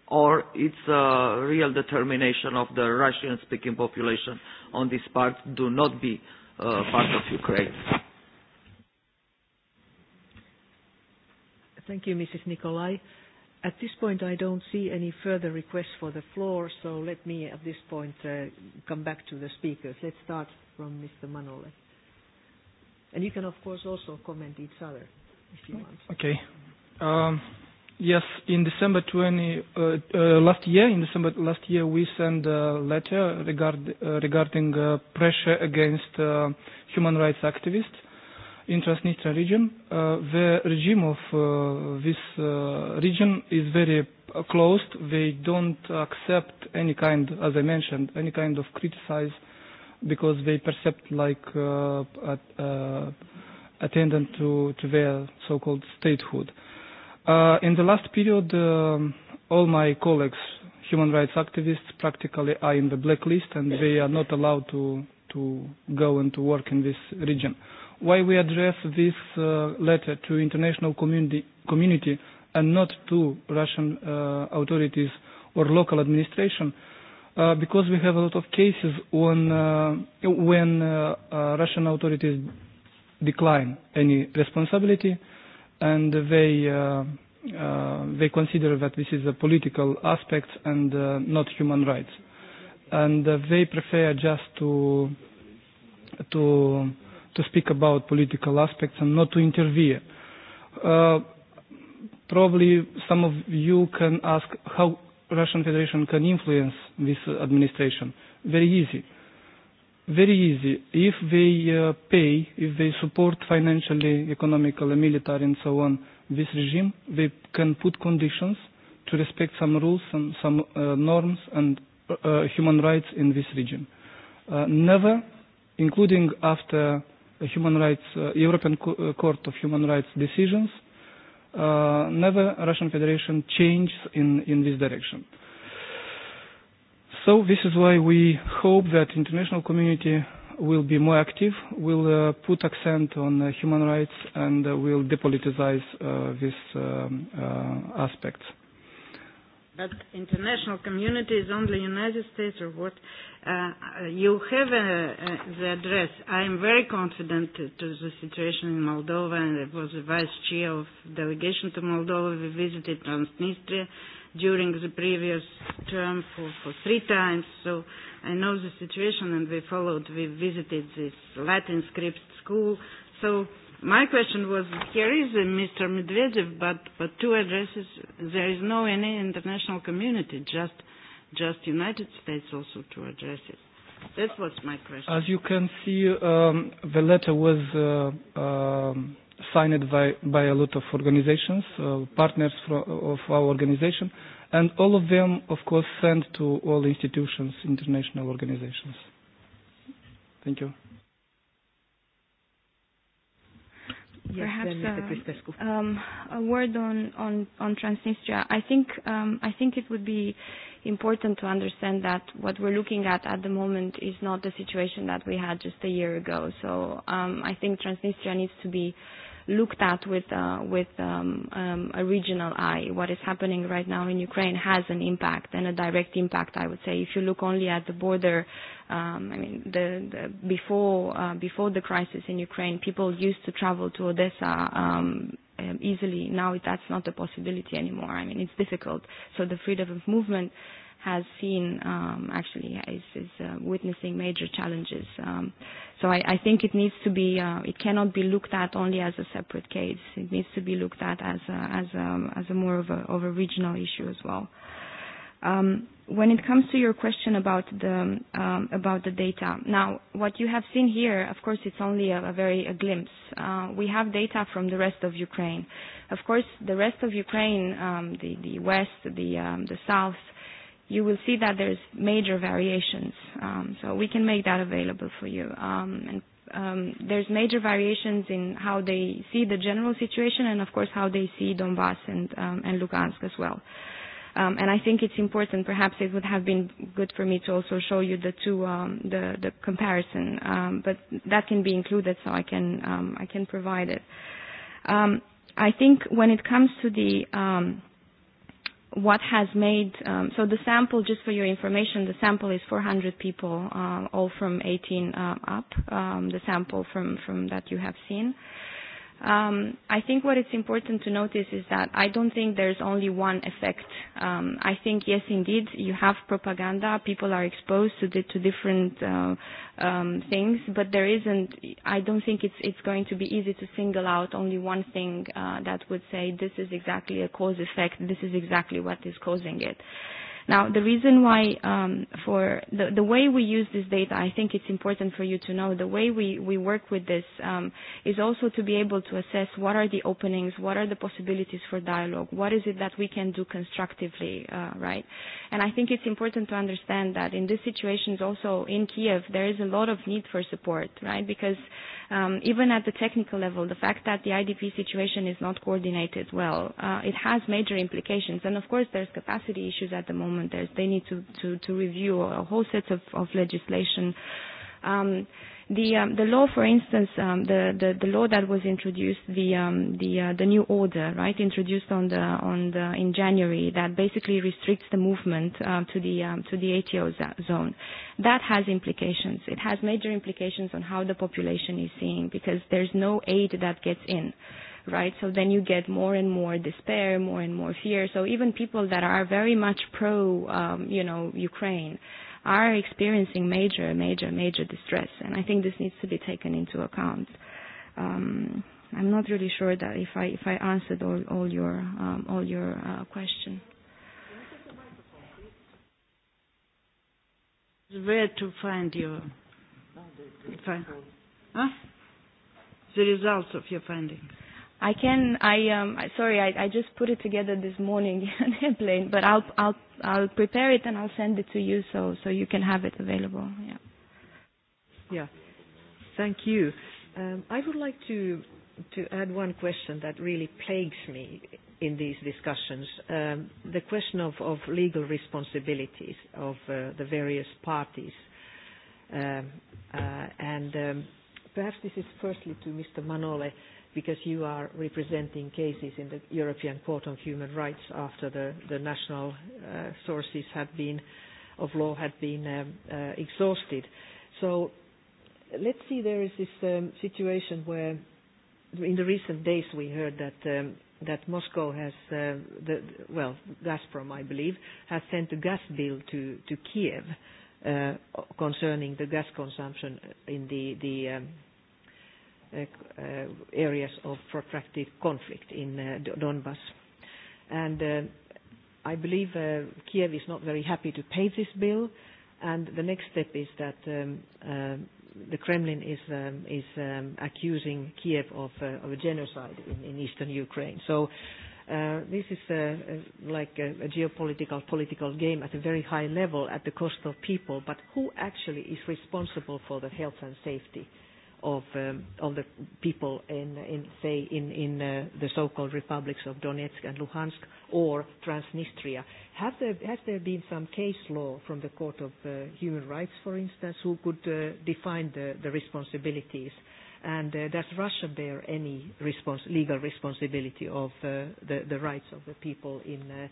or it's a real determination of the Russian-speaking population on this part do not be uh, part of Ukraine. Thank you, Mrs. Nikolai. At this point, I don't see any further requests for the floor, so let me at this point uh, come back to the speakers. Let's start from Mr. Manole. And you can, of course, also comment each other if you want. Okay. Um, yes, in December 20, uh, uh, last year, in December last year, we sent a letter regard, uh, regarding uh, pressure against uh, human rights activists in Transnistria region. Uh, the regime of uh, this uh, region is very closed. They don't accept any kind, as I mentioned, any kind of criticize uh, because they perceived like uh, at, uh, attendant to, to their so-called statehood. Uh, in the last period, um, all my colleagues, human rights activists, practically are in the blacklist and they are not allowed to, to go and to work in this region. Why we address this uh, letter to international community, community and not to Russian uh, authorities or local administration uh, because we have a lot of cases on uh, when uh, uh, Russian authorities decline any responsibility and they uh, uh, they consider that this is a political aspect and uh, not human rights and uh, they prefer just to to to speak about political aspects and not to interfere uh, probably some of you can ask how Russian Federation can influence this administration. Very easy. Very easy. If they uh, pay, if they support financially, economically, military, and so on, this regime, they can put conditions to respect some rules and some uh, norms and uh, uh human rights in this region. Uh, never, including after a human rights, uh, European Co- uh, Court of Human Rights decisions, uh, never Russian Federation changes in, in this direction. So this is why we hope that international community will be more active, will uh, put accent on uh, human rights and uh, will depoliticize uh, these um, uh, aspects but international community is only United States or what? Uh, you have uh, uh, the address. I am very confident to, to the situation in Moldova, and I was the vice chair of delegation to Moldova. We visited Transnistria during the previous term for, for three times, so I know the situation and we followed, we visited this Latin script school. So my question was, here is a Mr. Medvedev, but, but two addresses, there is no any international community, just, just United States also two addresses. That was my question. As you can see, um, the letter was uh, um, signed by, by a lot of organizations, uh, partners for, of our organization, and all of them, of course, sent to all institutions, international organizations. Thank you. Yes, Perhaps uh, um, a word on, on, on Transnistria. I think, um, I think it would be important to understand that what we're looking at at the moment is not the situation that we had just a year ago. So um, I think Transnistria needs to be uh, looked at with uh, with um, um, a regional eye. What is happening right now in Ukraine has an impact and a direct impact, I would say. If you look only at the border, um, I mean, the, the before uh, before the crisis in Ukraine, people used to travel to Odessa. Um, um, easily now that's not a possibility anymore. I mean, it's difficult. So the freedom of movement has seen um, actually is, is uh, witnessing major challenges. Um, so I, I think it needs to be uh, it cannot be looked at only as a separate case. It needs to be looked at as a, as a, um, as a more of a, of a regional issue as well. Um, when it comes to your question about the um, about the data, now what you have seen here, of course, it's only a, a very a glimpse. Uh, we have data from the rest of Ukraine. Of course, the rest of Ukraine, um, the the west, the um, the south, you will see that there's major variations. Um, so we can make that available for you. Um, and um, there's major variations in how they see the general situation and, of course, how they see Donbass and, um, and Lugansk as well. Um, and I think it's important. Perhaps it would have been good for me to also show you the two, um, the, the comparison. Um, but that can be included, so I can um, I can provide it. Um, I think when it comes to the um, what has made um, so the sample just for your information the sample is 400 people uh, all from 18 uh, up um, the sample from from that you have seen uh, Um, I think what it's important to notice is that I don't think there's only one effect. Um, I think yes, indeed, you have propaganda. People are exposed to the, to different uh, um, things, but there isn't. I don't think it's it's going to be easy to single out only one thing uh, that would say this is exactly a cause effect. This is exactly what is causing it. Uh, Now, the reason why um, for the, the way we use this data, I think it's important for you to know the way we, we work with this um, is also to be able to assess what are the openings, what are the possibilities for dialogue, what is it that we can do constructively, uh, right? And I think it's important to understand that in these situations also in Kiev, there is a lot of need for support, right? Because um, even at the technical level, the fact that the IDP situation is not coordinated well, uh, it has major implications. And of course, there's capacity issues at the moment. There's, they need to, to, to review a whole set of, of legislation. Um, The um, the law, for instance, um, the, the the law that was introduced, the um, the uh, the new order, right, introduced on the on the in January, that basically restricts the movement um, to the um, to the ATO zone. That has implications. It has major implications on how the population is seeing because there's no aid that gets in right? So then you get more and more despair, more and more fear. So even people that are very much pro, um, you know, Ukraine, are experiencing major, major, major distress, and I think this needs to be taken into account. Um, I'm not really sure that if I if I answered all all your um, all your uh, question. Where to find your? find huh? The results of your findings. I can. I um. I, sorry, I, I just put it together this morning on airplane, but I'll I'll I'll prepare it and I'll send it to you so so you can have it available. Yeah. Yeah. Thank you. Um, I would like to to add one question that really plagues me in these discussions, um, the question of, of legal responsibilities of uh, the various parties. Um, uh, and um, perhaps this is firstly to Mr. Manole because you are representing cases in the European Court of Human Rights after the, the national uh, sources have been, of law had been um, uh, exhausted. So let's see, there is this um, situation where in the recent days we heard that, um, that Moscow has, uh, the, well, Gazprom, I believe, has sent a gas bill to, to Kiev uh, concerning the gas consumption in the, the um, Uh, uh, areas of protracted conflict in uh Donbas. And uh I believe uh Kiev is not very happy to pay this bill, and the next step is that um, uh the Kremlin is um, is um, accusing Kiev of uh, of a genocide in, in eastern Ukraine. So uh, this is uh, uh, like a, a geopolitical political game at a very high level at the cost of people. But who actually is responsible for the health and safety of, um, of the people in, in say, in, in uh, the so-called republics of Donetsk and Luhansk or Transnistria. Have there, has there been some case law from the Court of uh, Human Rights, for instance, who could uh, define the, the responsibilities? And uh, does Russia bear any respons- legal responsibility of uh, the, the rights of the people in, uh,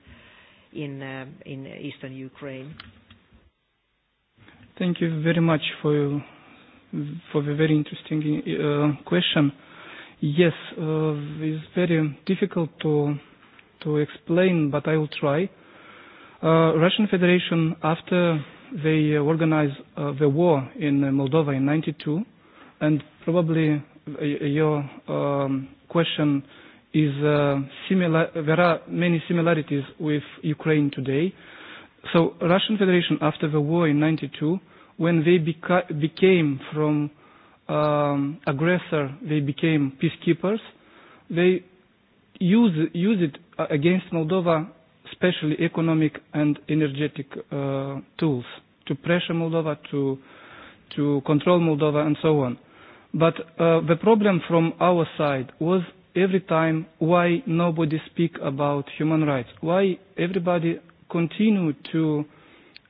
in, um, in eastern Ukraine? Thank you very much for your for the very interesting uh, question. Yes, uh, it's very difficult to to explain, but I will try. Uh, Russian Federation, after they organized uh, the war in Moldova in '92, and probably uh, your um, question is uh, similar. There are many similarities with Ukraine today. So Russian Federation, after the war in '92 when they beca- became from um, aggressor, they became peacekeepers. They use, use it against Moldova, especially economic and energetic uh, tools to pressure Moldova, to, to control Moldova, and so on. But uh, the problem from our side was every time why nobody speak about human rights, why everybody continue to uh,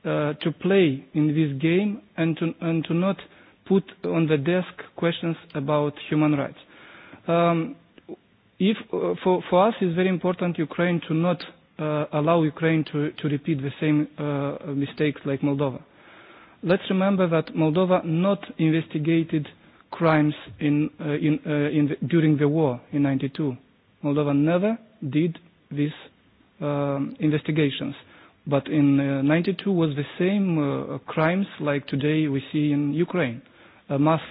uh, to play in this game and to, and to not put on the desk questions about human rights. Um, if, uh, for, for us, it's very important Ukraine to not uh, allow Ukraine to, to repeat the same uh, mistakes like Moldova. Let's remember that Moldova not investigated crimes in, uh, in, uh, in the, during the war in 92. Moldova never did these um, investigations. But in uh, 92 was the same uh, uh, crimes like today we see in Ukraine, a mass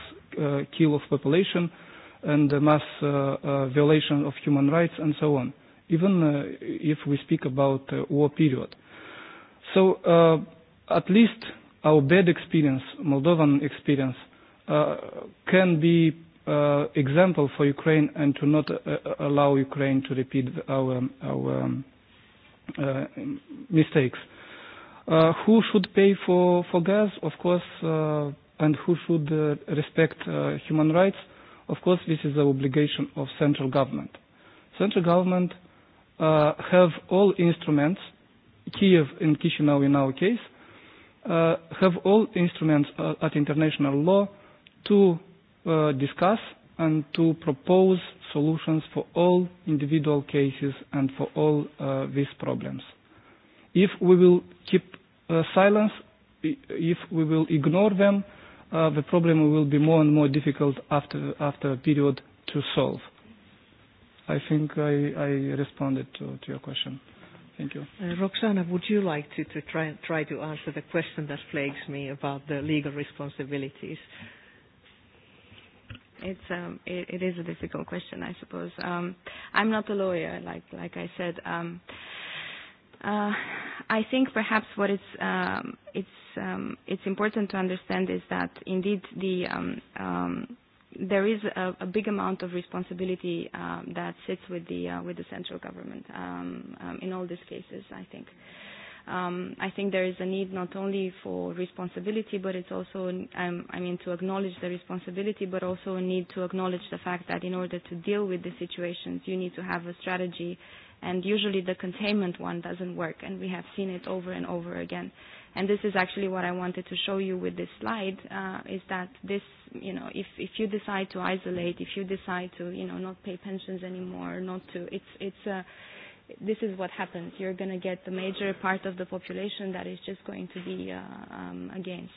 uh, kill of population and a mass uh, uh, violation of human rights and so on, even uh, if we speak about uh, war period. So uh, at least our bad experience, Moldovan experience, uh, can be uh, example for Ukraine and to not uh, uh allow Ukraine to repeat our, our um, uh, mistakes. Uh, who should pay for, for gas, of course, uh, and who should uh, respect uh, human rights? Of course, this is the obligation of central government. Central government uh, have all instruments, Kiev and Chisinau in our case, uh, have all instruments uh, at international law to uh, discuss and to propose solutions for all individual cases and for all uh, these problems. If we will keep uh, silence, if we will ignore them, uh, the problem will be more and more difficult after, after a period to solve. I think I, I responded to, to your question. Thank you. Uh, Roxana, would you like to, to try, try to answer the question that plagues me about the legal responsibilities? it's um, it, it is a difficult question, I suppose. Um, I'm not a lawyer, like like I said. Um, uh, I think perhaps what it's um, it's um, it's important to understand is that indeed the um, um, there is a, a big amount of responsibility um, that sits with the uh, with the central government um, um, in all these cases. I think. Uh, um, I think there is a need not only for responsibility, but it's also, um, I mean, to acknowledge the responsibility, but also a need to acknowledge the fact that in order to deal with the situations, you need to have a strategy, and usually the containment one doesn't work, and we have seen it over and over again. And this is actually what I wanted to show you with this slide, uh, is that this, you know, if, if you decide to isolate, if you decide to, you know, not pay pensions anymore, not to, it's, it's a, this is what happens. You're going to get the major part of the population that is just going to be uh, um, against.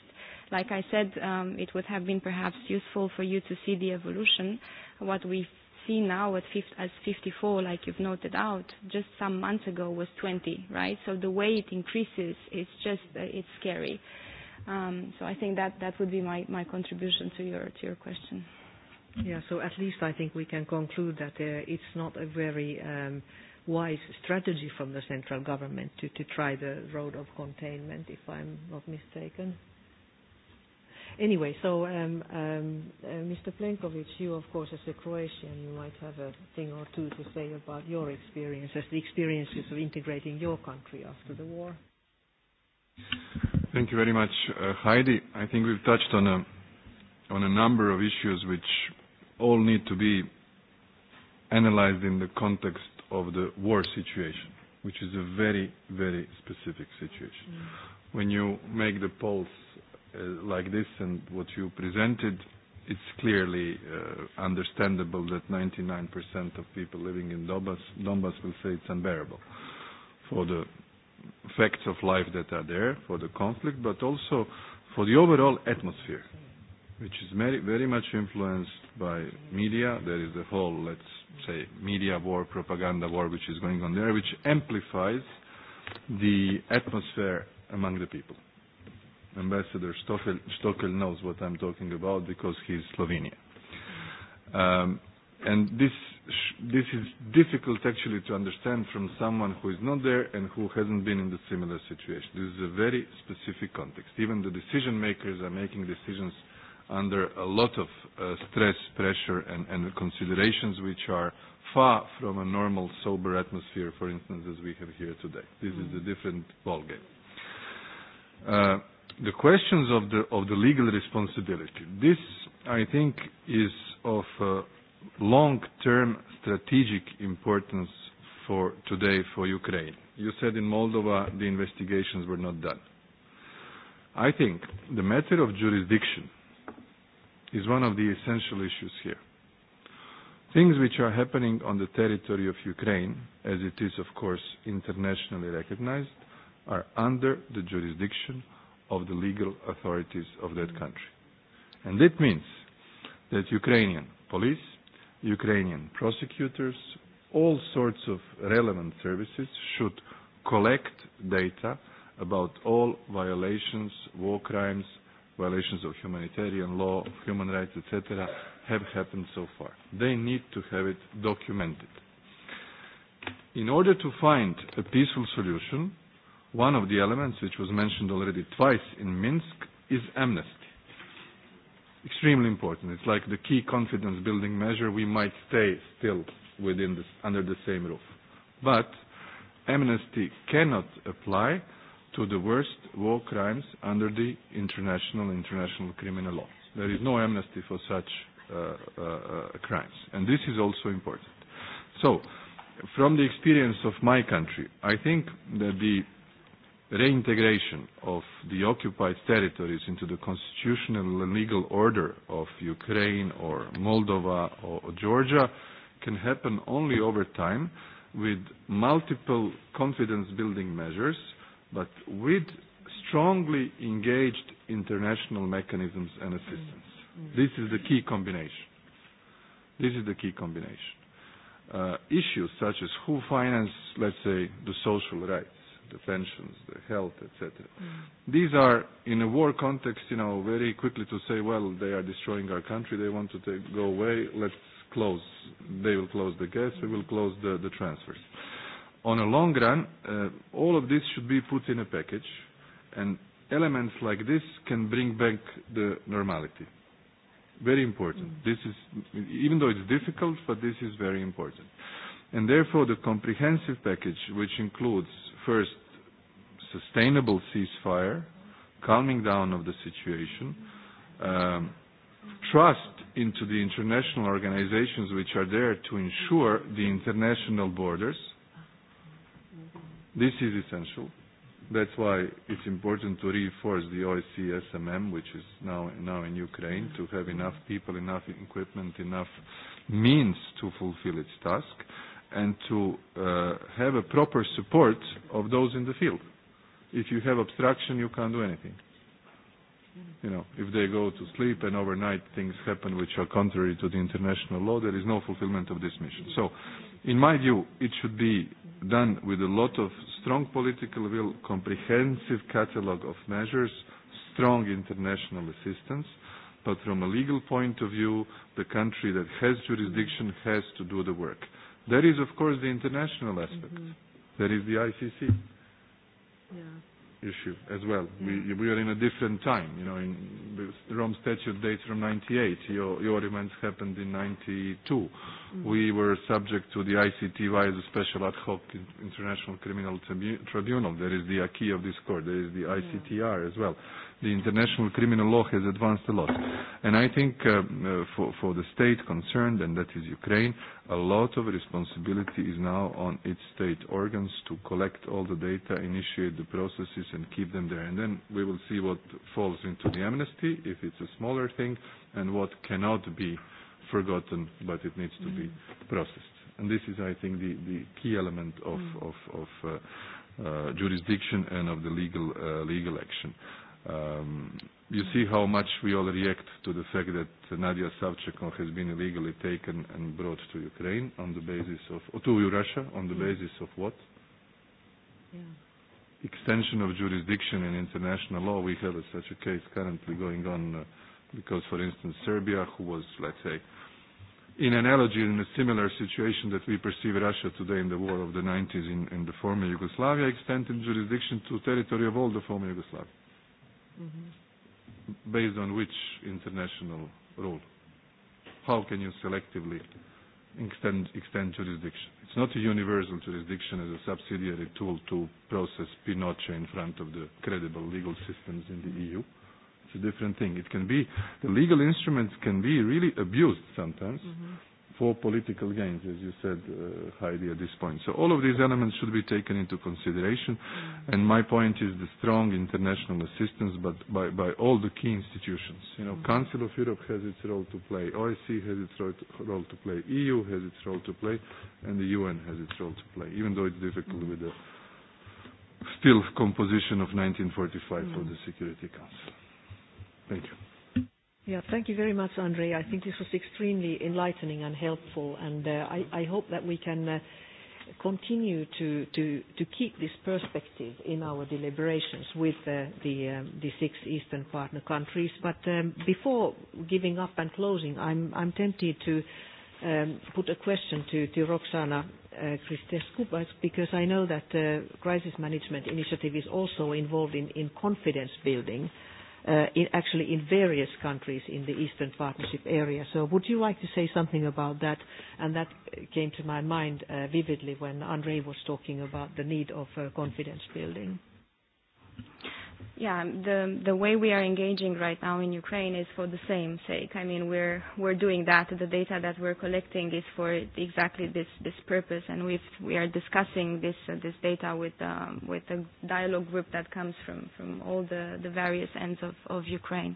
Like I said, um, it would have been perhaps useful for you to see the evolution. What we see now at 50, as 54, like you've noted out, just some months ago was 20, right? So the way it increases, it's just, uh, it's scary. Um, so I think that, that would be my, my contribution to your, to your question. Yeah, so at least I think we can conclude that uh, it's not a very um, wise strategy from the central government to, to try the road of containment, if I'm not mistaken. Anyway, so um, um, uh, Mr. Plenković, you, of course, as a Croatian, you might have a thing or two to say about your experiences, the experiences of integrating your country after the war. Thank you very much, uh, Heidi. I think we've touched on a, on a number of issues which all need to be analyzed in the context of the war situation, which is a very, very specific situation. Mm. When you make the polls uh, like this and what you presented, it's clearly uh, understandable that 99% of people living in Donbass, Donbass will say it's unbearable for the facts of life that are there, for the conflict, but also for the overall atmosphere, which is very, very much influenced by media. There is the whole let's say, media war, propaganda war, which is going on there, which amplifies the atmosphere among the people. Ambassador Stokel, Stokel knows what I'm talking about because he's Slovenia. Um, and this, sh this is difficult actually to understand from someone who is not there and who hasn't been in the similar situation. This is a very specific context. Even the decision makers are making decisions under a lot of uh, stress, pressure, and, and considerations which are far from a normal, sober atmosphere, for instance, as we have here today. This mm. is a mm. different ballgame. Uh, the questions of the, of the legal responsibility. This, I think, is of uh, long-term strategic importance for today for Ukraine. You said in Moldova the investigations were not done. I think the matter of jurisdiction is one of the essential issues here. Things which are happening on the territory of Ukraine, as it is of course internationally recognized, are under the jurisdiction of the legal authorities of that country. And that means that Ukrainian police, Ukrainian prosecutors, all sorts of relevant services should collect data about all violations, war crimes, violations of humanitarian law, of human rights, etc., have happened so far. They need to have it documented. In order to find a peaceful solution, one of the elements which was mentioned already twice in Minsk is amnesty. Extremely important. It's like the key confidence building measure. We might stay still within this, under the same roof. But amnesty cannot apply to the worst war crimes under the international international criminal law. There is no amnesty for such uh, uh, uh, crimes, and this is also important. So, from the experience of my country, I think that the reintegration of the occupied territories into the constitutional and legal order of Ukraine or Moldova or Georgia can happen only over time with multiple confidence building measures but with strongly engaged international mechanisms and assistance. Mm-hmm. This is the key combination. This is the key combination. Uh, issues such as who finance, let's say, the social rights, the pensions, the health, etc. Mm. These are, in a war context, you know, very quickly to say, well, they are destroying our country, they want to take, go away, let's close. They will close the gas, we will close the, the transfers. Uh, on a long run, uh, all of this should be put in a package, and elements like this can bring back the normality. Very important. Mm. This is, even though it's difficult, but this is very important. And therefore, the comprehensive package, which includes first sustainable ceasefire, calming down of the situation, um, trust into the international organizations which are there to ensure the international borders, This is essential. That's why it's important to reinforce the OSCE SMM, which is now, now in Ukraine, to have enough people, enough equipment, enough means to fulfill its task, and to uh, have a proper support of those in the field. If you have obstruction, you can't do anything. You know, if they go to sleep and overnight things happen which are contrary to the international law, there is no fulfillment of this mission. So, in my view, it should be done with a lot of strong political will, comprehensive catalogue of measures, strong international assistance, but from a legal point of view, the country that has jurisdiction has to do the work. There is, of course, the international aspect. Mm-hmm. There is the ICC. Yeah issue as well. We, we are in a different time. You know, in the Rome Statute dates from 98. Your, your events happened in 92. Mm-hmm. We were subject to the ICT via the Special Ad Hoc International Criminal Tribunal. There is the acquis of this court. There is the ICTR yeah. as well the international criminal law has advanced a lot. And I think uh, uh, for, for the state concerned, and that is Ukraine, a lot of responsibility is now on its state organs to collect all the data, initiate the processes, and keep them there. And then we will see what falls into the amnesty, if it's a smaller thing, and what cannot be forgotten, but it needs to be mm. processed. And this is, I think, the, the key element of, mm. of, of uh, uh, jurisdiction and of the legal, uh, legal action. Uh, Um, you see how much we all react to the fact that Nadia Savchenko has been illegally taken and brought to Ukraine on the basis of, or to Russia, on the hmm. basis of what? Yeah. Extension of jurisdiction in international law. We have a, such a case currently going on uh, because, for instance, Serbia, who was, let's say, in analogy in a similar situation that we perceive Russia today in the war of the 90s in, in the former Yugoslavia, extended jurisdiction to territory of all the former Yugoslavia. Mm-hmm. Based on which international rule? How can you selectively extend, extend jurisdiction? It's not a universal jurisdiction as a subsidiary tool to process Pinochet in front of the credible legal systems in the EU. It's a different thing. It can be, the legal instruments can be really abused sometimes. Mm-hmm for political gains, as you said, uh, Heidi, at this point. So all of these elements should be taken into consideration, mm-hmm. and my point is the strong international assistance but by, by all the key institutions. You know, mm-hmm. Council of Europe has its role to play, OSCE has its role to, role to play, EU has its role to play, and the UN has its role to play, even though it's difficult mm-hmm. with the still composition of 1945 mm. for the Security Council. Thank you. Yeah, thank you very much, Andre. I think this was extremely enlightening and helpful, and uh, I, I hope that we can uh, continue to, to, to keep this perspective in our deliberations with uh, the, um, the six Eastern partner countries. But um, before giving up and closing, I'm, I'm tempted to um, put a question to, to Roxana uh, Christescu, because I know that the uh, Crisis Management Initiative is also involved in, in confidence building uh, in, actually in various countries in the Eastern Partnership area. So would you like to say something about that? And that came to my mind uh, vividly when Andrei was talking about the need of uh, confidence building. Yeah, the the way we are engaging right now in Ukraine is for the same sake. I mean, we're we're doing that. The data that we're collecting is for exactly this this purpose, and we we are discussing this uh, this data with um, with a dialogue group that comes from from all the the various ends of of Ukraine.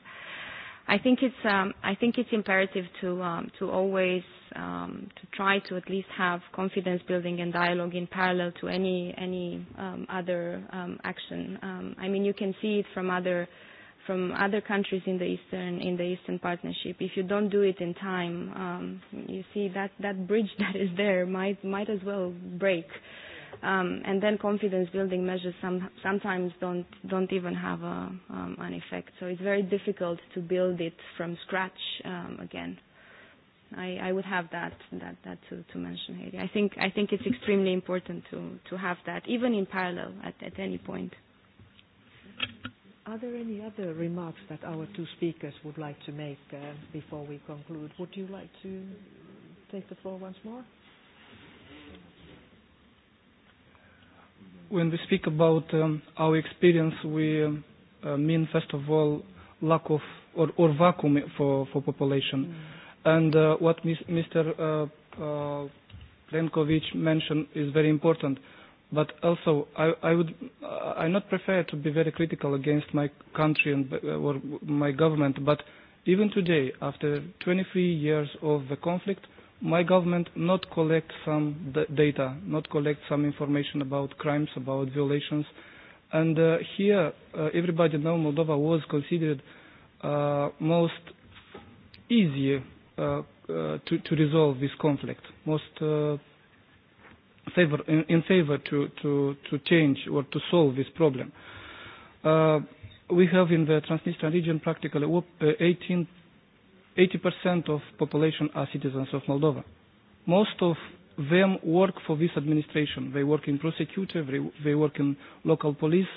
I think it's um, I think it's imperative to um, to always um, to try to at least have confidence building and dialogue in parallel to any any um, other um, action. Um, I mean, you can see it from other from other countries in the eastern in the eastern partnership. If you don't do it in time, um, you see that that bridge that is there might might as well break. Uh, um, and then confidence building measures some, sometimes don't don't even have a, um, an effect. So it's very difficult to build it from scratch um, again. I, I would have that that that to, to mention here. I think I think it's extremely important to to have that even in parallel at, at any point. Are there any other remarks that our two speakers would like to make uh, before we conclude? Would you like to take the floor once more? when we speak about um, our experience, we um, uh, mean first of all lack of or, or vacuum for, for population. Mm. And uh, what mis Mr. Uh, uh, Plenkovic mentioned is very important. But also, I, I would, uh, I not prefer to be very critical against my country and uh, or my government. But even today, after 23 years of the conflict, my government not collect some d data, not collect some information about crimes, about violations. And uh, here, uh, everybody know Moldova was considered uh, most easy uh, uh, to, to resolve this conflict, most uh, favor, in, in favor to, to, to change or to solve this problem. Uh, we have in the Transnistrian region practically 18 80% of population are citizens of Moldova. Most of them work for this administration. They work in prosecutor, they, they work in local police,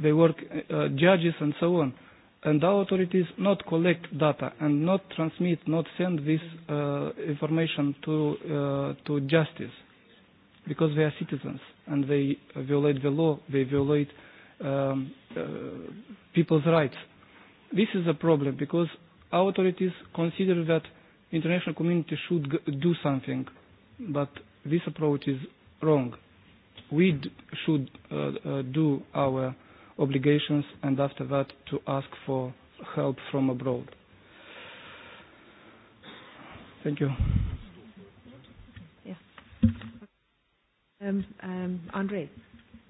they work uh, judges and so on. And our authorities not collect data and not transmit, not send this uh, information to, uh, to justice because they are citizens and they violate the law, they violate um, uh, people's rights. This is a problem because authorities consider that international community should g do something, but this approach is wrong. We d should uh, uh, do our obligations and after that to ask for help from abroad. Thank you. Yeah. Um, um, Andre,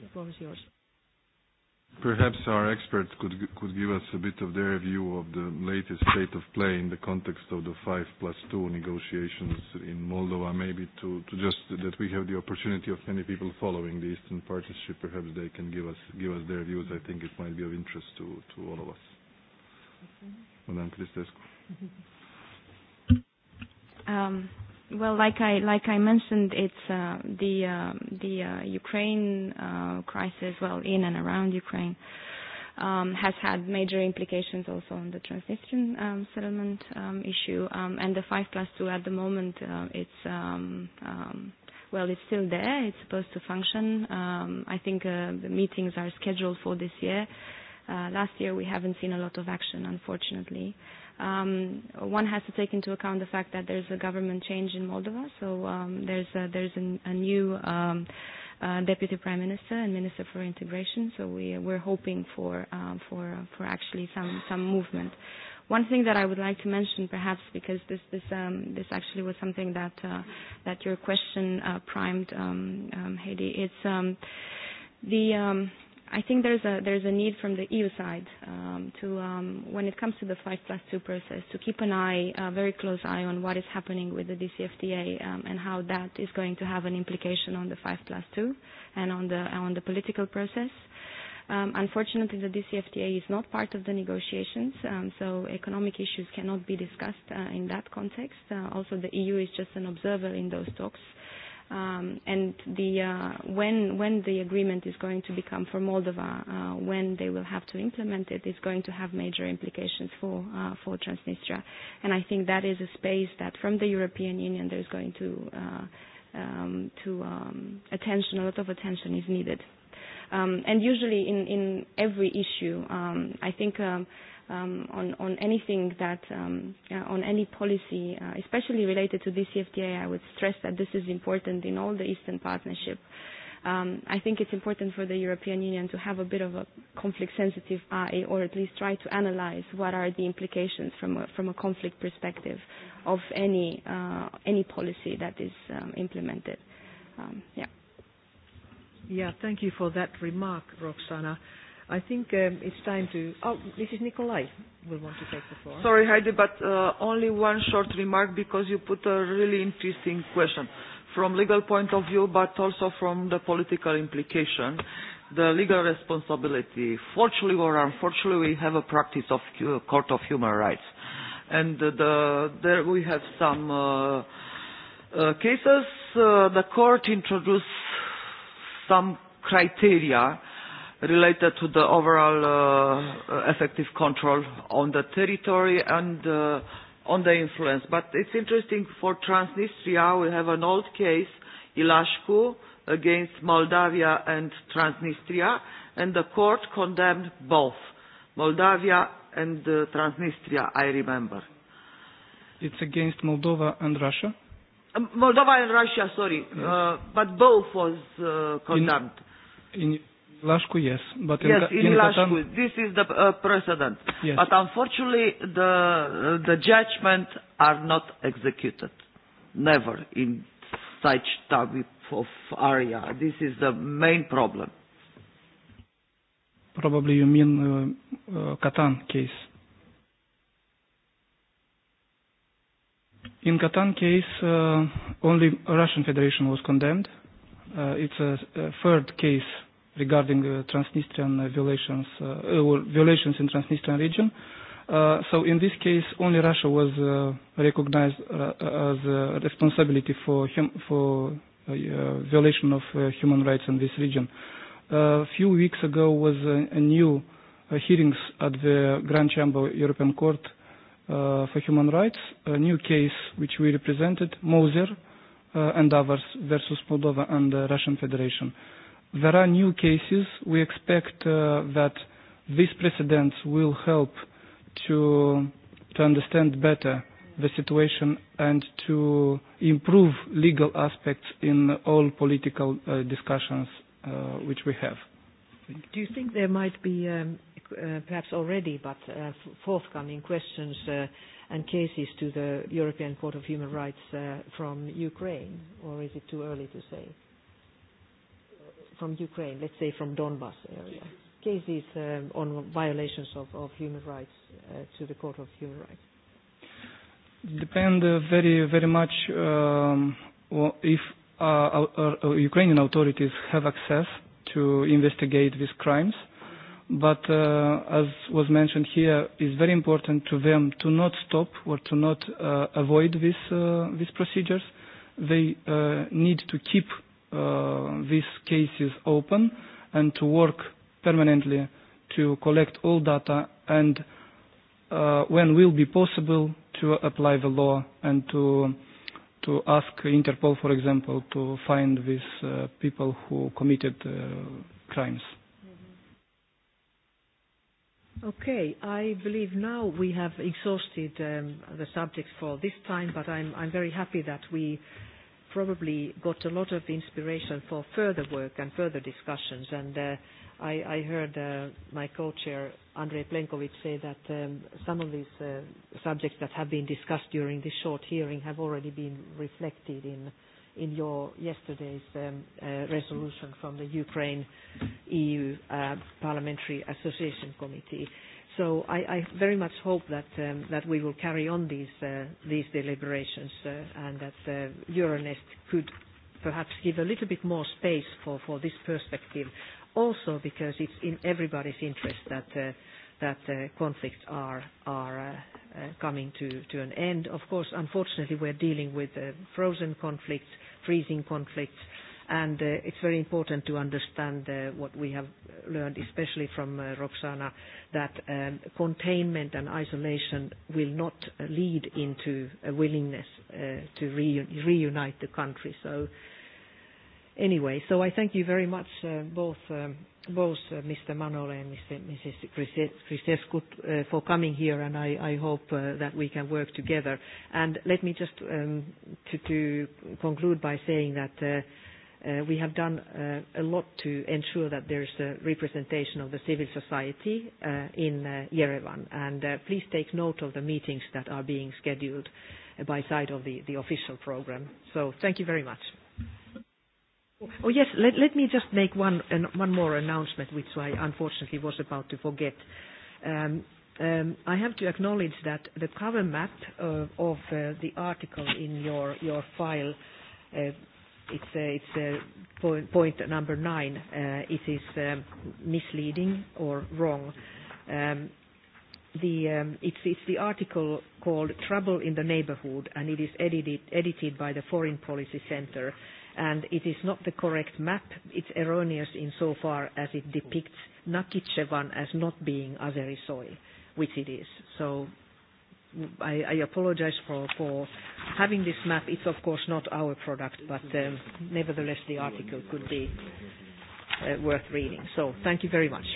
the floor is yours. Perhaps our experts could could give us a bit of their view of the latest state of play in the context of the five plus two negotiations in Moldova, maybe to to just that we have the opportunity of many people following the Eastern Partnership. Perhaps they can give us give us their views. I think it might be of interest to to all of us. Madame Cristescu. Um, Well, like I like I mentioned, it's uh, the uh, the uh, Ukraine uh, crisis, well, in and around Ukraine, um, has had major implications also on the Transnistrian um, settlement um, issue, um, and the five plus two at the moment, uh, it's um, um, well, it's still there. It's supposed to function. Um, I think uh, the meetings are scheduled for this year. Uh, last year, we haven't seen a lot of action, unfortunately. Uh, um, one has to take into account the fact that there's a government change in Moldova, so um, there's a, there's an, a new um, uh, deputy prime minister and minister for integration. So we we're hoping for um, for uh, for actually some some movement. One thing that I would like to mention, perhaps because this this um, this actually was something that uh, that your question uh, primed, um, um, Heidi, it's um, the um, i think there's a there's a need from the EU side um, to um, when it comes to the five plus two process to keep an eye, a uh, very close eye on what is happening with the DCFTA um, and how that is going to have an implication on the five plus two and on the on the political process. Um, unfortunately, the DCFTA is not part of the negotiations, um, so economic issues cannot be discussed uh, in that context. Uh, also, the EU is just an observer in those talks um, and the uh, when when the agreement is going to become for Moldova, uh, when they will have to implement it, is going to have major implications for uh, for Transnistria, and I think that is a space that from the European Union there's going to uh, um, to um, attention a lot of attention is needed, um, and usually in in every issue, um, I think. Um, um, on, on anything that, um, uh, on any policy, uh, especially related to DCFTA, I would stress that this is important in all the Eastern Partnership. Um, I think it's important for the European Union to have a bit of a conflict-sensitive eye, or at least try to analyze what are the implications from a, from a conflict perspective of any uh, any policy that is um, implemented. Um, yeah. Yeah, thank you for that remark, Roxana. I think um, it's time to... Oh, this is Nikolai will want to take the floor. Sorry, Heidi, but uh, only one short remark because you put a really interesting question from legal point of view, but also from the political implication, the legal responsibility. Fortunately or unfortunately, we have a practice of Court of Human Rights. And the, there we have some uh, uh, cases. Uh, the court introduced some criteria related to the overall uh, uh, effective control on the territory and uh, on the influence. But it's interesting for Transnistria, we have an old case, Ilashku, against Moldavia and Transnistria, and the court condemned both, Moldavia and uh, Transnistria, I remember. It's against Moldova and Russia? Um, Moldova and Russia, sorry, yes. uh, but both was uh, condemned. In, in Lashku, yes. But in yes, in, in Lashku. Katan... This is the uh, precedent. Yes. But unfortunately, the, uh, the judgment are not executed. Never in such type of area. This is the main problem. Probably you mean uh, uh, Katan case. In Katan case, uh, only Russian Federation was condemned. Uh, it's a, a third case regarding uh, Transnistrian uh, violations uh, or uh, violations in Transnistrian region. Uh, so in this case, only Russia was uh, recognized uh, uh as uh, responsibility for hum- for uh, uh, violation of uh, human rights in this region. A uh, few weeks ago was a, a new uh, hearings at the Grand Chamber European Court uh, for Human Rights, a new case which we represented, Moser uh, and others versus Moldova and the Russian Federation. Uh, There are new cases. We expect uh, that these precedents will help to, to understand better the situation and to improve legal aspects in all political uh, discussions uh, which we have. Do you think there might be, um, uh, perhaps already, but uh, forthcoming questions uh, and cases to the European Court of Human Rights uh, from Ukraine, or is it too early to say? from Ukraine, let's say from Donbas area, cases um, on violations of, of human rights uh, to the Court of Human Rights? Depend uh, very very much um, if uh, our, uh Ukrainian authorities have access to investigate these crimes. But uh, as was mentioned here, it's very important to them to not stop or to not uh, avoid these uh, these procedures. They uh, need to keep uh, these cases open and to work permanently to collect all data and uh, when will be possible to apply the law and to to ask Interpol, for example, to find these uh, people who committed uh, crimes. Okay. I believe now we have exhausted um the subject for this time, but I'm I'm very happy that we probably got a lot of inspiration for further work and further discussions. And uh, I, I heard uh, my co-chair, Andrei Plenkovic, say that um, some of these uh, subjects that have been discussed during this short hearing have already been reflected in, in your yesterday's um, uh, resolution from the Ukraine-EU uh, Parliamentary Association Committee. Uh, so I, I very much hope that, um, that we will carry on these, uh, these deliberations uh, and that uh, Euronest could perhaps give a little bit more space for, for this perspective, also because it's in everybody's interest that, uh, that uh, conflicts are, are uh, uh, coming to, to an end. Of course, unfortunately, we're dealing with uh, frozen conflicts, freezing conflicts, and uh, It's very important to understand uh, what we have learned, especially from uh, Roxana, that um, containment and isolation will not uh, lead into a willingness uh, to reun reunite the country. So Anyway, so I thank you very much, uh, both um, both Mr. Manole and Mr. Mrs. Christescu for coming here, and I I hope that we can work together. And Let me just um, to to conclude by saying that Uh, we have done uh, a lot to ensure that there is a representation of the civil society uh, in Yerevan. please take note of the meetings that are being scheduled by side of the, official program. So thank you very much. Oh, oh yes, let, me just make one, more announcement, which I unfortunately was about to forget. Um, um, I have to acknowledge that the cover map of the article in your, your file uh, it's uh, it's uh, point, point number nine. Uh, it is um, misleading or wrong. Um, the um, it's it's the article called "Trouble in the Neighborhood," and it is edited edited by the Foreign Policy Center, and it is not the correct map. It's erroneous in so far as it depicts Nakhichevan as not being Azeri soil, which it is. So i, I apologize for, for having this map. It's of course not our product, but um, nevertheless the article could be uh, worth reading. So thank you very much.